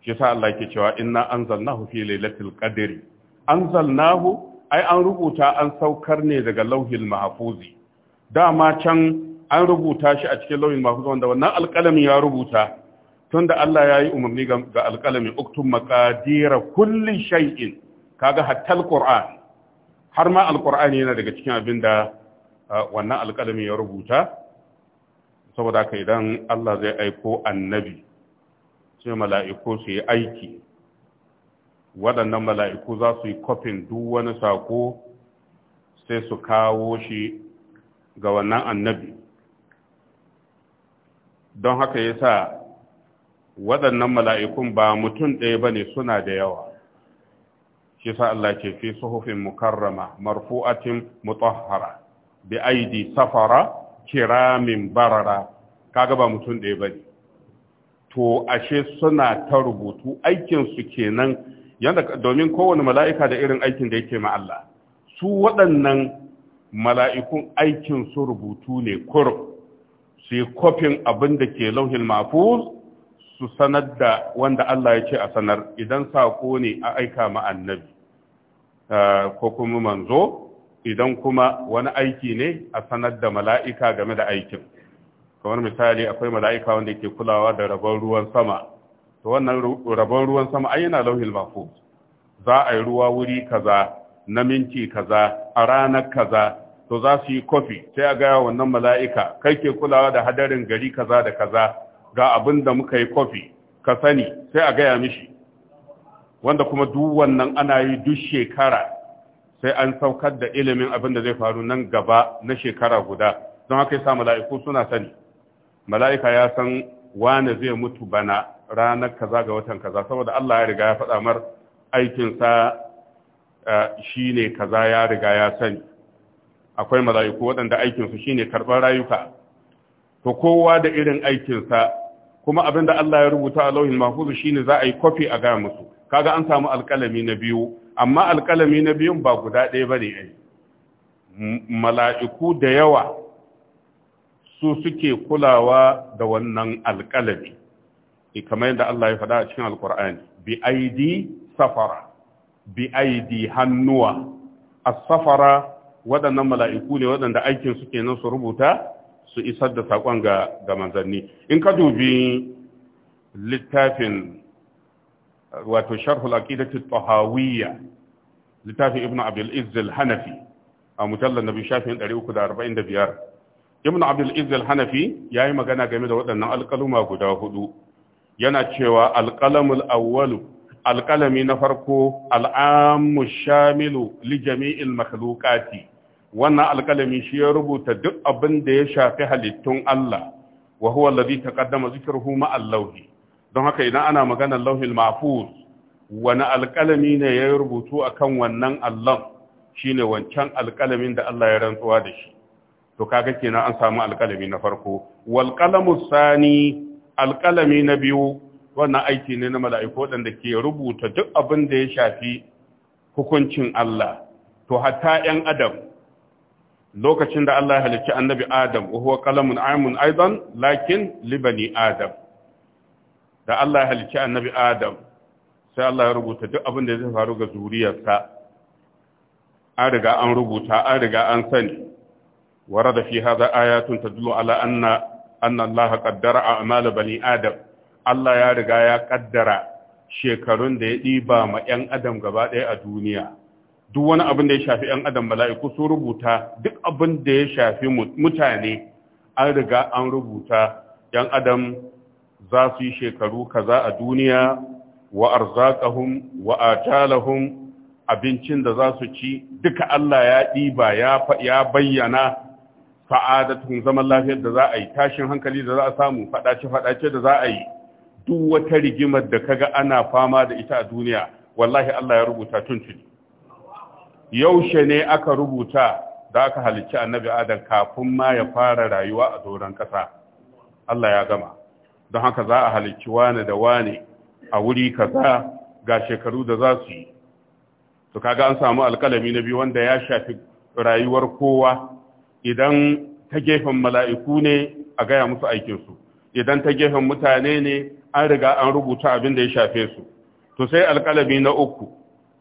shi sa Allah yake cewa inna anzalnahu fi lailatul qadri An zalnahu ai an rubuta an saukar ne daga lauhil mahfuzi dama can an rubuta shi a cikin lauhil mahafuzi, wanda wannan alƙalamin ya rubuta tunda Allah ya yi umarni ga alƙalamin uktub maqadira kulli shay'in kaga hatta alquran har ma alƙur'an yana daga cikin abinda wannan alƙalamin ya rubuta saboda haka idan Allah zai aiko annabi sai mala'iku su yi aiki waɗannan mala'iku za su yi kofin duk wani saƙo sai su kawo shi ga wannan annabi don haka ya sa waɗannan mala'ikun ba mutum ɗaya ba ne suna da yawa shi sa Allah ke fi suhufin mukarrama marfu'atin mutahara bi aidi safara kiramin barara kaga ba mutum ɗaya ba ne to ashe suna ta rubutu aikinsu kenan domin kowane mala'ika da irin aikin da yake ma Allah su waɗannan mala'ikun aikin su rubutu ne kur su yi kofin abin da ke lauhin mafuz su sanar da wanda Allah ya ce a sanar idan sako ne a aika ma eh, ko kuma manzo idan kuma wani aiki ne a sanar da mala'ika game da aikin kamar misali akwai mala'ika wanda ke kulawa da rabon ruwan sama to wannan rabon ruwan sama ai yana lauhil mahfuz za a yi ruwa wuri kaza na minti kaza a ranar kaza to za su yi kofi sai a gaya wannan mala'ika kai ke kulawa da hadarin gari kaza da kaza ga abin da muka yi kofi ka sani sai a gaya mishi wanda kuma duk wannan ana yi duk shekara sai an saukar da ilimin abin da zai faru nan gaba na shekara guda don haka yasa mala'iku suna sani mala'ika ya san wane zai mutu bana ranar kaza ga watan kaza saboda Allah ya riga ya faɗa mar aikinsa eh, shi ne kaza ya riga ya sani akwai mala'iku waɗanda aikinsu shi ne karɓar rayuka to kowa da irin aikinsa kuma abin da Allah ya rubuta a lauhin mahfuzu shi ne za a yi kwafi a gaya musu kaga an samu alƙalami na biyu amma alƙalami na biyun ba guda ɗaya ba mala'iku da yawa su suke kulawa da wannan alƙalami e, kamar yadda Allah ya faɗa a cikin alƙur'ani bi aidi safara bi aidi hannuwa A safara waɗannan mala'iku ne waɗanda aikin suke nan su rubuta su isar da saƙon ga ga manzanni in ka dubi littafin wato sharhul aqidatu tahawiyya littafin ibnu abdul izz al-hanafi a mujallal nabi shafin 345 ibn abdul izz al-hanafi magana game da waɗannan alƙaluma guda hudu yana cewa alƙalamul awwalu alƙalami na farko al'ammu shamilu li jami'il makhluqati wannan alƙalami shi ya rubuta duk abin da ya shafi halittun Allah wa huwa ta taqaddama dhikruhu ma al-lawhi don haka idan ana magana lauhil mahfuz wani alƙalami ne ya rubutu akan wannan Allah shine wancan alƙalamin da Allah ya rantsuwa da shi to kaga kenan an samu alƙalami na farko wal qalamu sani alƙalami na biyu wannan aiki ne na mala'iku waɗanda ke rubuta duk abin da ya shafi hukuncin Allah to hatta ‘yan adam lokacin da Allah ya halicci annabi Adam huwa qalamun amun aidan lakin libani Adam da Allah ya halicci annabi Adam sai Allah ya rubuta duk abin da zai faru ga zuriyarsa an riga an rubuta an riga an sani ورد في هذا آيات تدل على أن أن الله قدر أعمال بني آدم الله يا رجايا قدر shekarun da ya ɗiba ma 'yan adam gaba ɗaya a duniya duk wani abin da ya shafi 'yan adam mala'iku sun rubuta duk abin da ya shafi mutane an riga an rubuta 'yan adam za su yi shekaru kaza a duniya wa arzakahum wa abincin da za su ci duka Allah ya ɗiba ya bayyana sa'adatu zaman lafiyar da za a yi tashin hankali da za a samu faɗace-faɗace da za a yi duk wata rigimar da kaga ana fama da ita a duniya wallahi Allah ya rubuta tun tuni yaushe ne aka rubuta da aka halicci annabi adam kafin ma ya fara rayuwa a doron kasa Allah ya gama don haka za a halicci wane da wane a wuri kaza ga shekaru da za su yi to kaga an samu alkalami na biyu wanda ya shafi rayuwar kowa idan ta gefen mala'iku ne a gaya musu aikinsu idan ta gefen mutane ne an riga an rubuta abin da ya shafe su to sai alƙalami na uku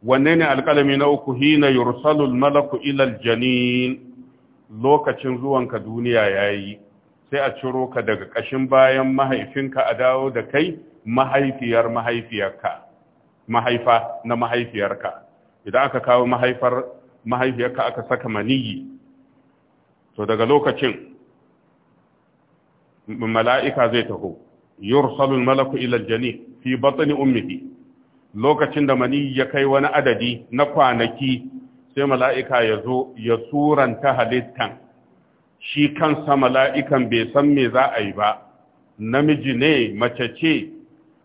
wanne ne alƙalami na uku hina yursalul malaku ilal janin lokacin zuwanka duniya ya yi? sai a ciro ka daga ƙashin bayan mahaifinka a dawo da kai mahaifiyar mahaifiyarka mahaifa na mahaifiyarka idan aka kawo mahaifar mahaifiyarka aka saka maniyi to daga lokacin mala'ika zai taho yursalul malaku ilal jani fi batni ummihi lokacin da mani ya kai wani adadi na kwanaki sai mala'ika ya zo ya suranta halittan shi kansa mala'ikan bai san me za a yi ba namiji ne mace ce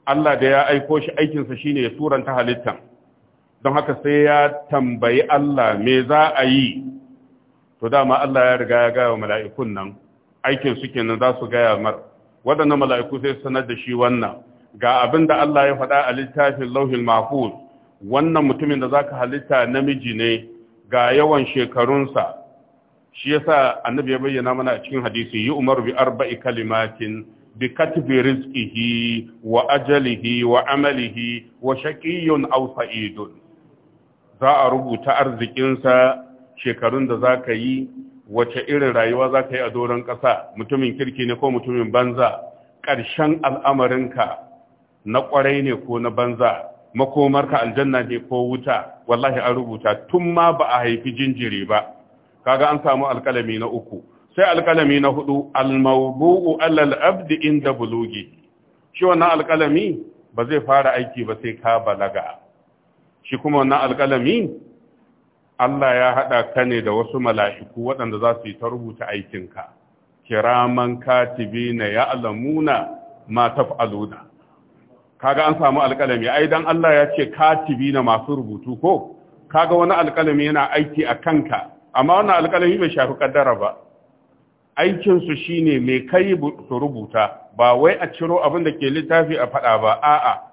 Allah da ya aiko shi aikinsa shine ya suranta halittan don haka sai ya tambayi Allah me za a yi to dama Allah ya riga ya gaya wa mala'ikun nan aikin su kenan za su gaya mar waɗannan mala'iku sai sanar da shi wannan ga abin da Allah ya faɗa a littafin lauhin mahfuz wannan mutumin da zaka halitta namiji ne ga yawan shekarunsa shi yasa annabi ya bayyana mana a cikin hadisi yi umar bi arba'i kalimatin bi katbi rizqihi wa ajalihi wa amalihi wa shaqiyyun aw sa'idun za a rubuta arzikinsa shekarun da za ka yi wace irin rayuwa za ka yi a doron ƙasa mutumin kirki ne ko mutumin banza ƙarshen al'amarinka na ƙwarai ne ko na banza makomarka aljanna ne ko wuta wallahi an rubuta tun ma ba a haifi jinjiri ba kaga an samu alƙalami na uku sai alƙalami na hudu almawbu'u alal abdi inda bulugi shi wannan alƙalami ba zai fara aiki ba sai ka balaga shi kuma wannan alƙalami Allah ya haɗa ka ne da wasu mala'iku waɗanda za su yi ta rubuta aikinka, kiraman katibi na ya alamuna ma taf'aluna. Kaga an samu alƙalami, ai don Allah ya ce katibi na masu rubutu ko, kaga wani alƙalami yana aiki a kanka, amma wani alƙalami bai shafi ƙaddara ba. Aikinsu shi ne mai kai su rubuta, ba wai a ciro abin da ke littafi a faɗa ba, a'a,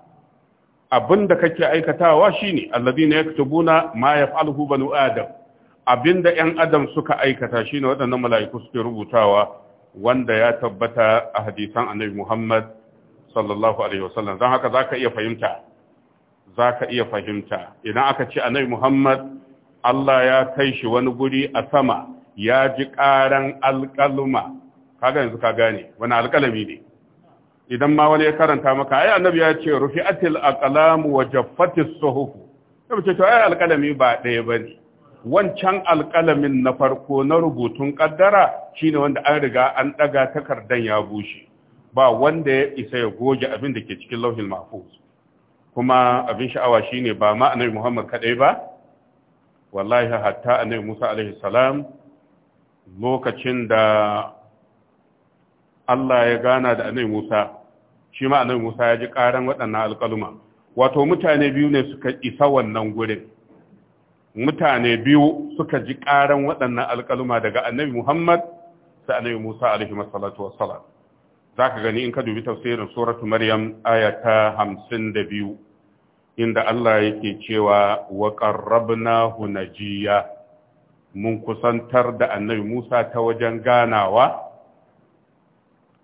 Abin da kake aikatawa shine alladhina yaktubuna ma yaf'aluhu banu adam abinda yan adam suka aikata shine waɗannan mala'iku suke rubutawa wanda ya tabbata a hadisan annabi Muhammad sallallahu alaihi wasallam dan haka zaka iya fahimta zaka iya fahimta idan aka ce annabi Muhammad Allah ya kai shi wani guri a sama ya ji ƙaran alƙaluma kaga yanzu ka gane wani alƙalami ne idan ma wani ya karanta maka ai annabi ya ce rufi'atil aqlam wa jaffatis suhuf sai ce to ai alqalami ba ɗaya bane wancan alqalamin na farko na rubutun kaddara shine wanda an riga an daga takardan ya bushe ba wanda ya isa ya goge abin da ke cikin lauhin mahfuz kuma abin sha'awa shine ba ma annabi Muhammad kadai ba wallahi hatta annabi Musa alaihi salam lokacin da Allah ya gana da annabi Musa shi ma annabi Musa ya ji ƙaran waɗannan alƙaluma wato mutane biyu ne suka isa wannan gurin mutane biyu suka ji ƙaran waɗannan alƙaluma daga annabi Muhammad sai annabi Musa alaihi wassalatu wassalam zaka gani in ka dubi tafsirin suratu Maryam aya ta biyu? inda Allah yake cewa wa qarrabnahu najiya mun kusantar da annabi Musa ta wajen ganawa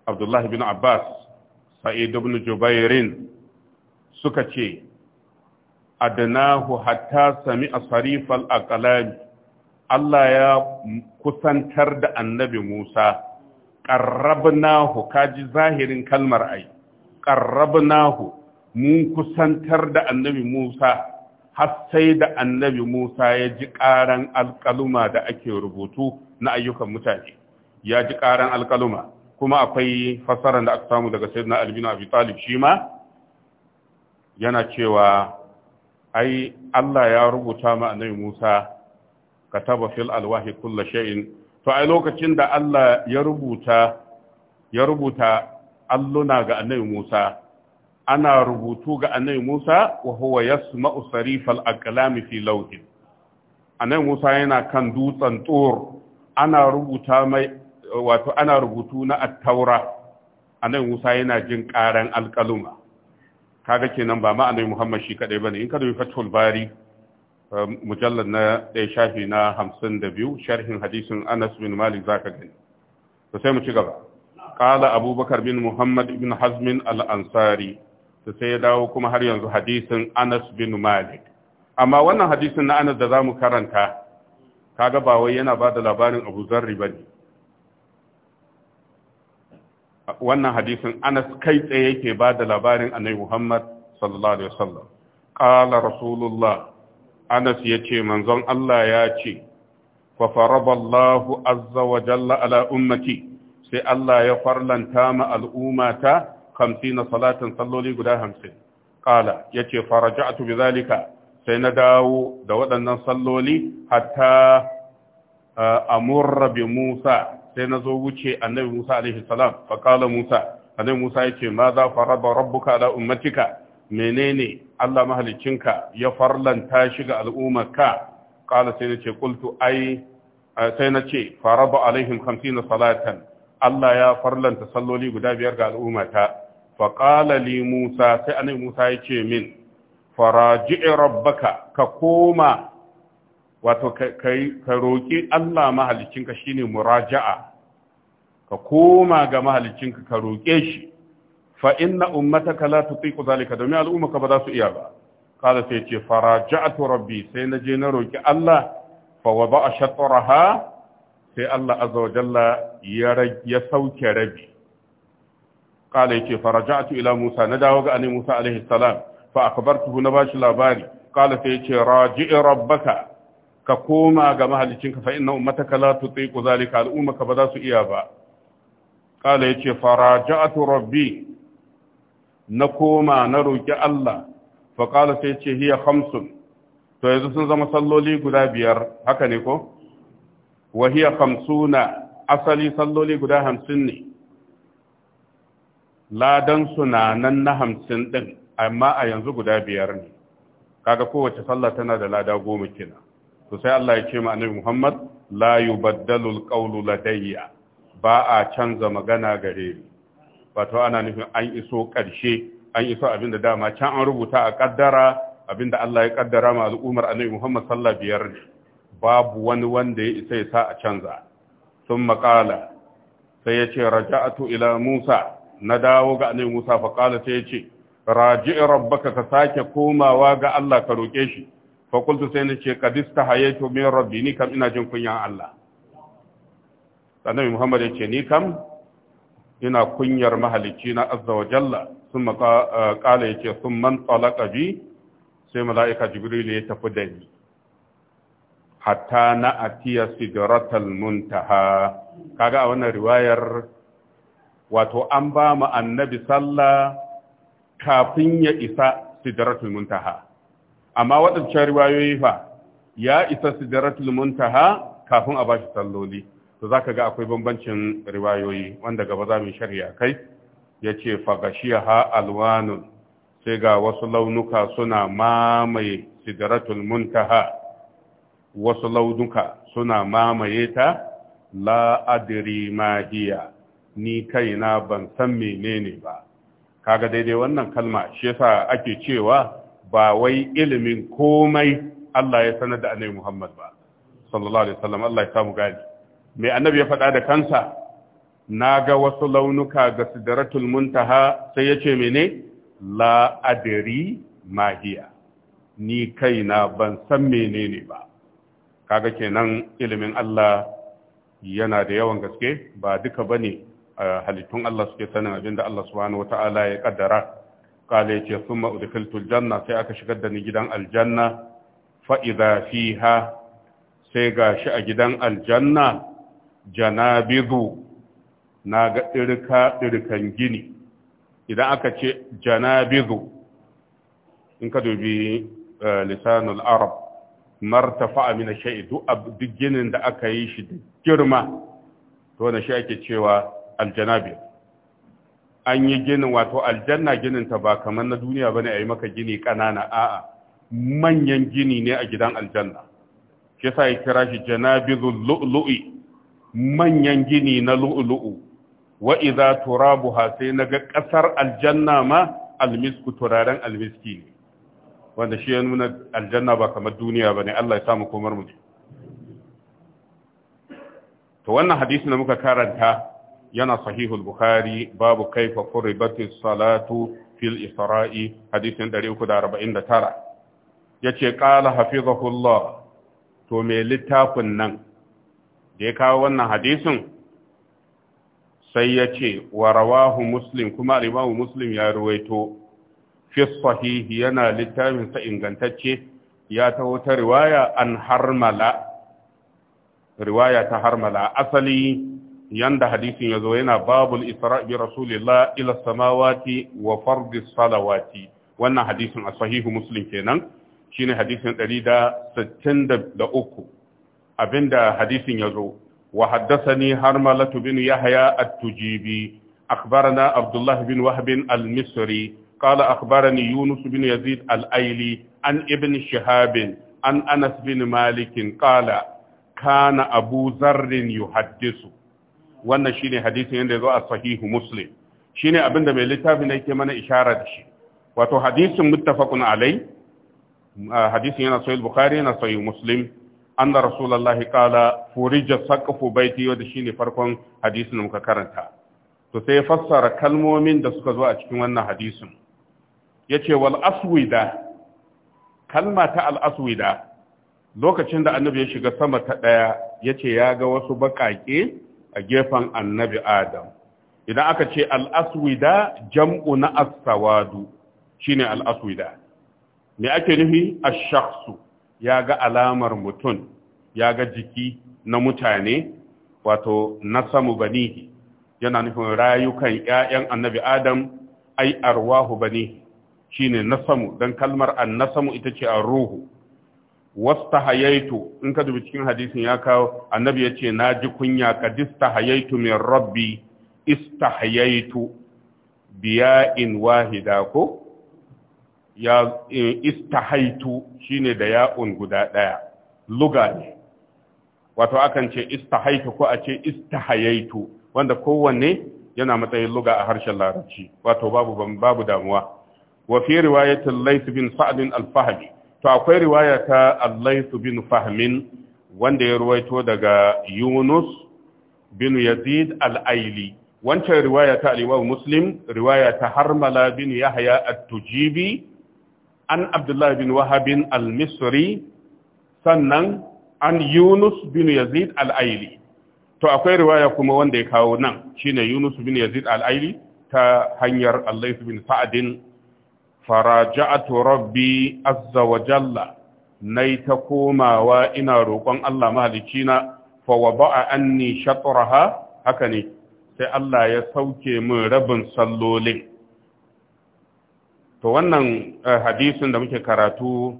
Abdullahi bin Abbas sa'id ibn jubairin suka ce Adanahu, hatta sami asarifal aqlami Allah ya kusantar da annabi Musa qarrabnahu kaji zahirin kalmar ai qarrabnahu mun kusantar da annabi Musa har sai da annabi Musa ya ji ƙaran alƙaluma da ake rubutu na ayyukan mutane ya ji ƙaran alƙaluma kuma akwai fassarar da aka samu daga sayyidina Ali bin Abi Talib shi ma yana cewa ai Allah ya rubuta ma annabi Musa kataba fil alwahi kulla shay'in to ai lokacin da Allah ya rubuta ya rubuta alluna ga annabi Musa ana rubutu ga annabi Musa wa huwa yasma'u sarifal aqlami fi lawhin annabi Musa yana kan dutsen tur ana rubuta mai wato ana rubutu na attaura anan Musa yana jin ƙaran alƙaluma kaga kenan ba ma annabi Muhammad shi kadai bane in ka dubi Fathul Bari um, mujallad na ɗaya shafi na hamsin da biyu sharhin hadisin Anas bin Malik zaka gani to sai mu ci gaba qala Abubakar bin Muhammad ibn Hazm al-Ansari to sai ya dawo kuma har yanzu hadisin Anas bin Malik amma wannan hadisin na Anas da zamu karanta kaga ba wai yana bada labarin Abu Zarri bane wannan hadisin Anas kai tsaye yake ba da labarin Annabi Muhammad sallallahu alaihi wasallam qala rasulullah Anas yace manzon Allah ya ce fa faraballahu azza wa jalla ala ummati sai Allah ya farlanta ma al'ummata 50 salatan salloli guda 50 qala yace faraja'tu bidhalika sai na dawo da waɗannan salloli hatta eh, amurra bi Musa sai na zo wuce annabi Musa alaihi salam faƙala Musa annabi Musa ya ce ma za faraba rabbuka ala ummatika menene Allah mahalicinka ya farlanta shi ga al'ummarka ƙala sai na ce qultu ai sai faraba alaihim 50 salatan Allah ya farlanta salloli guda biyar ga al'ummata faƙala li Musa sai annabi Musa ya ce min faraji'i rabbaka ka koma wato ka roƙi Allah mahalicinka shine muraja'a ka koma ga mahalicinka ka roƙe shi fa inna ummataka la tutiqu zalika domin al'ummaka ba za su iya ba kada sai ce faraja'atu rabbi sai na je na roƙi Allah fa wada'a shatraha sai Allah azza wa jalla ya ya sauke rabi قال يكي فرجعت إلى موسى نداوغ أني موسى عليه na bashi labari. لاباري قال ce, راجع ربك ka koma ga mahalicinka fa inna ummataka la tutiqu zalika al'ummaka ba za su iya ba kala yace faraja'atu rabbi na koma na roki Allah fa kala sai yace hiya khamsun to yanzu sun zama salloli guda biyar haka ne ko wa hiya khamsuna asali salloli guda hamsin ne ladan suna nan na hamsin din amma a yanzu guda biyar ne kaga kowace sallah tana da lada goma kina to sai Allah ya ce ma annabi Muhammad la yubaddalu alqawlu ladayya ba a canza magana gare ni wato ana nufin an iso ƙarshe an iso abin dama can an rubuta a kaddara abinda Allah ya kaddara ma al'ummar annabi Muhammad sallallahu biyar wasallam babu wani wanda ya isa ya sa a canza sun maƙala sai yace ce raja'atu ila Musa na dawo ga annabi Musa fa qala sai ya ce raji'i rabbaka ka sake komawa ga Allah ka roke shi fa sai nace qad istahayaitu min rabbi ni kam ina jin kunyan Allah annabi Muhammad yace ni kam ina kunyar mahalicci na azza wa jalla thumma eh, qala yace thumma talaqa bi sai mala'ika jibril ya tafi da ni hatta na atiya sidratal muntaha kaga a wannan riwayar wato an ba mu annabi sallah kafin ya isa sidratul muntaha amma waɗancan riwayoyi fa ya isa sidratul muntaha kafin a bashi salloli to zaka ga akwai bambancin riwayoyi wanda gaba za mu sharhi akai yace fa gashiyaha alwanun sai ga wasu launuka suna mamaye sidratul muntaha wasu launuka suna mamaye ta la adri ma hiya ni kaina ban san menene ba kaga daidai wannan kalma shi yasa ake cewa ba wai ilimin komai Allah ya sanar da annabi Muhammad ba sallallahu alaihi wasallam Allah ya samu gadi mai annabi ya faɗa da kansa na ga wasu launuka ga sidratul muntaha sai ya ce mene la adri mahiya ni kaina ban san menene ba kaga kenan ilimin Allah yana da yawan gaske ba duka bane eh, halittun Allah suke sanin abinda Allah subhanahu wataala ya kaddara قال يتي ثم أدخلت الجنة سيأك شكد نجدا الجنة فإذا فيها سيغا شأجدا الجنة جنابذ ناغ إركا إركا جني إذا أكت جنابذ إن كدبي لسان العرب martafa min shay'i duk duk ginin da aka yi shi da girma to wannan shi ake cewa aljanabir an yi ginin wato aljanna ginin ta ba kamar na duniya bane a yi maka gini ƙanana a'a manyan gini ne a gidan aljanna shi ya kira shi janabizu lu'lu'i manyan gini na lu'lu'u wa idza turabuha sai na ga kasar aljanna ma almisku turaren almiski ne wanda shi ya nuna aljanna ba kamar duniya ne. Allah ya samu komar mu to wannan hadisi da muka karanta yana sahihul bukhari babu kaifa furibatis salatu fil isra'i hadisin 349 yace qala hafizahullah to me littafin nan da ya kawo wannan hadisin sai yace wa rawahu muslim kuma al-imamu muslim ya ruwaito fi sahihi yana littafin sa ingantacce ya taho ta riwaya an harmala riwaya ta harmala asali yanda hadisin ya zo yana babul isra bi rasulillah ila samawati wa fardi salawati wannan hadisin a sahihu muslim kenan shine hadisin 163 abinda hadisin ya zo wa haddathani harmalatu bin yahya at-tujibi akhbarana abdullah bin wahb al-misri قال أخبرني يونس بن يزيد الأيلي عن ابن شهاب عن أنس بن مالك قال كان أبو ذر يحدث wannan shine hadisin ya zo a sahihu muslim shine abinda mai littafin yake mana ishara da shi wato hadisin muttafaqun alai hadisin yana sahih bukhari yana sahih muslim anna rasulullahi qala furija saqfu baiti wanda shine farkon hadisin da muka karanta to sai fassara kalmomin da suka zo a cikin wannan hadisin yace wal aswida kalma ta al aswida lokacin da annabi ya shiga sama ta daya yace ya ga wasu baƙaƙe a gefen annabi adam idan aka ce al'aswida jam'u na asawadu shine al'aswida me ake nufi A shaksu ya ga alamar mutum ya ga jiki na mutane wato na samu banihi yana nufin rayukan ‘ya'yan annabi Adam ai arwahu banihi shine samu don kalmar an samu ita ce a ruhu wasta hayaitu, in ka dubi cikin hadisin ya kawo annabi ya ce na ji kunya hayaitu min rabbi hayaitu, biya in wahida ko ya eh, shi shine da ya'un guda daya luga ne wato akan ce istahaitu ko a ce hayaitu? wanda kowanne yana matsayin luga a harshen larabci wato babu damuwa wa fi riwayatil layth bin sa'd al to akwai riwaya ta allaitu bin fahmin wanda ya ruwaito daga yunus bin yazid al'aili wancan riwaya ta al'imamu muslim riwaya ta harmala bin yahya at-tujibi an abdullahi bin wahabin al-misri sannan an yunus bin yazid al'aili to akwai riwaya kuma wanda ya kawo nan shine yunus bin yazid al'aili ta hanyar allaitu bin sa'adin faraja'atu rabbi azza wa jalla nai ta komawa ina roƙon Allah na. fa wada'a anni shatraha haka ne sai Allah ya sauke min rabin sallolin to wannan eh, hadisin da muke karatu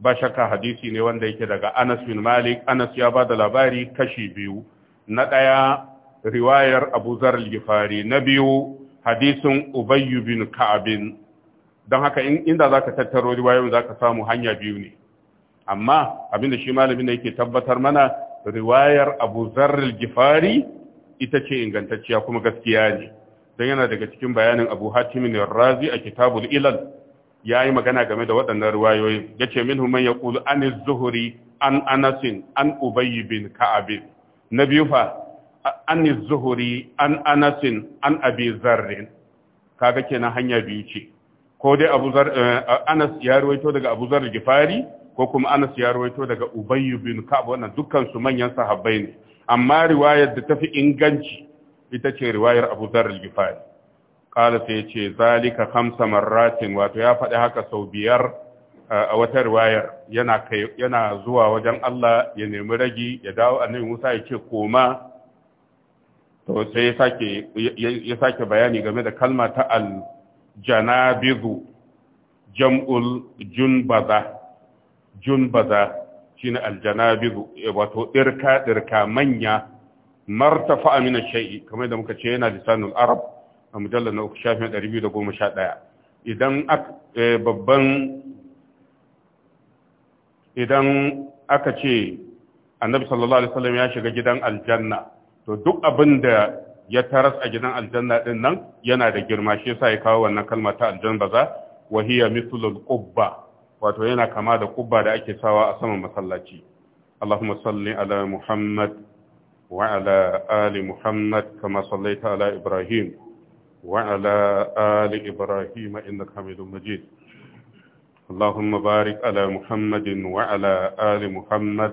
ba shakka hadisi ne wanda yake daga Anas bin Malik Anas ya bada labari kashi biyu na ɗaya riwayar Abu Zar al-Ghifari na biyu hadisin ubayyu bin Ka'abin. don haka inda za ka tattaro riwayoyin za ka samu hanya biyu ne amma abinda shi malamin da yake tabbatar mana riwayar abu zarril gifari ita ce ingantacciya kuma gaskiya ne don yana daga cikin bayanin abu hatimin razi a kitabul ilal ya yi magana game da waɗannan riwayoyin ya ce min human ya ƙulu an zuhuri an anasin an ubayi bin ka'abin na biyu fa an zuhuri an anasin an abi zarrin kaga kenan hanya biyu ce ko dai Abu eh, Anas ya ruwaito daga Abu Zar Gifari ko kuma Anas ya ruwaito daga Ubay bin Ka'b wannan dukkan su manyan sahabbai ne amma riwayar da tafi inganci ita ce riwayar Abu Zar Gifari qala sai ce zalika khamsa marratin wato ya faɗi haka sau biyar eh, a wata riwayar yana yana zuwa wajen Allah ya nemi ragi ya dawo annabi Musa ya ce koma to sai ya sake bayani game da kalma ta al janabizu jam'ul junbaza junbaza shine aljanabizu eh, wato dirka dirka manya martafa Amina shayi kamar da muka ce yana lisanul arab a mujallal na uku shafin 211 idan eh, babban idan aka ce annabi sallallahu alaihi wasallam ya shiga gidan aljanna to duk abin da ya taras a gidan aljanna din nan yana da girma shi yasa ya kawo wannan kalma ta aljanna za wa hiya mithlul qubba wato yana kama da qubba da ake sawa a saman masallaci Allahumma salli ala Muhammad wa ala ali Muhammad kama sallaita ala Ibrahim wa ala ali Ibrahim innaka Hamidum Majid اللهم بارك على محمد وعلى Ali Muhammad.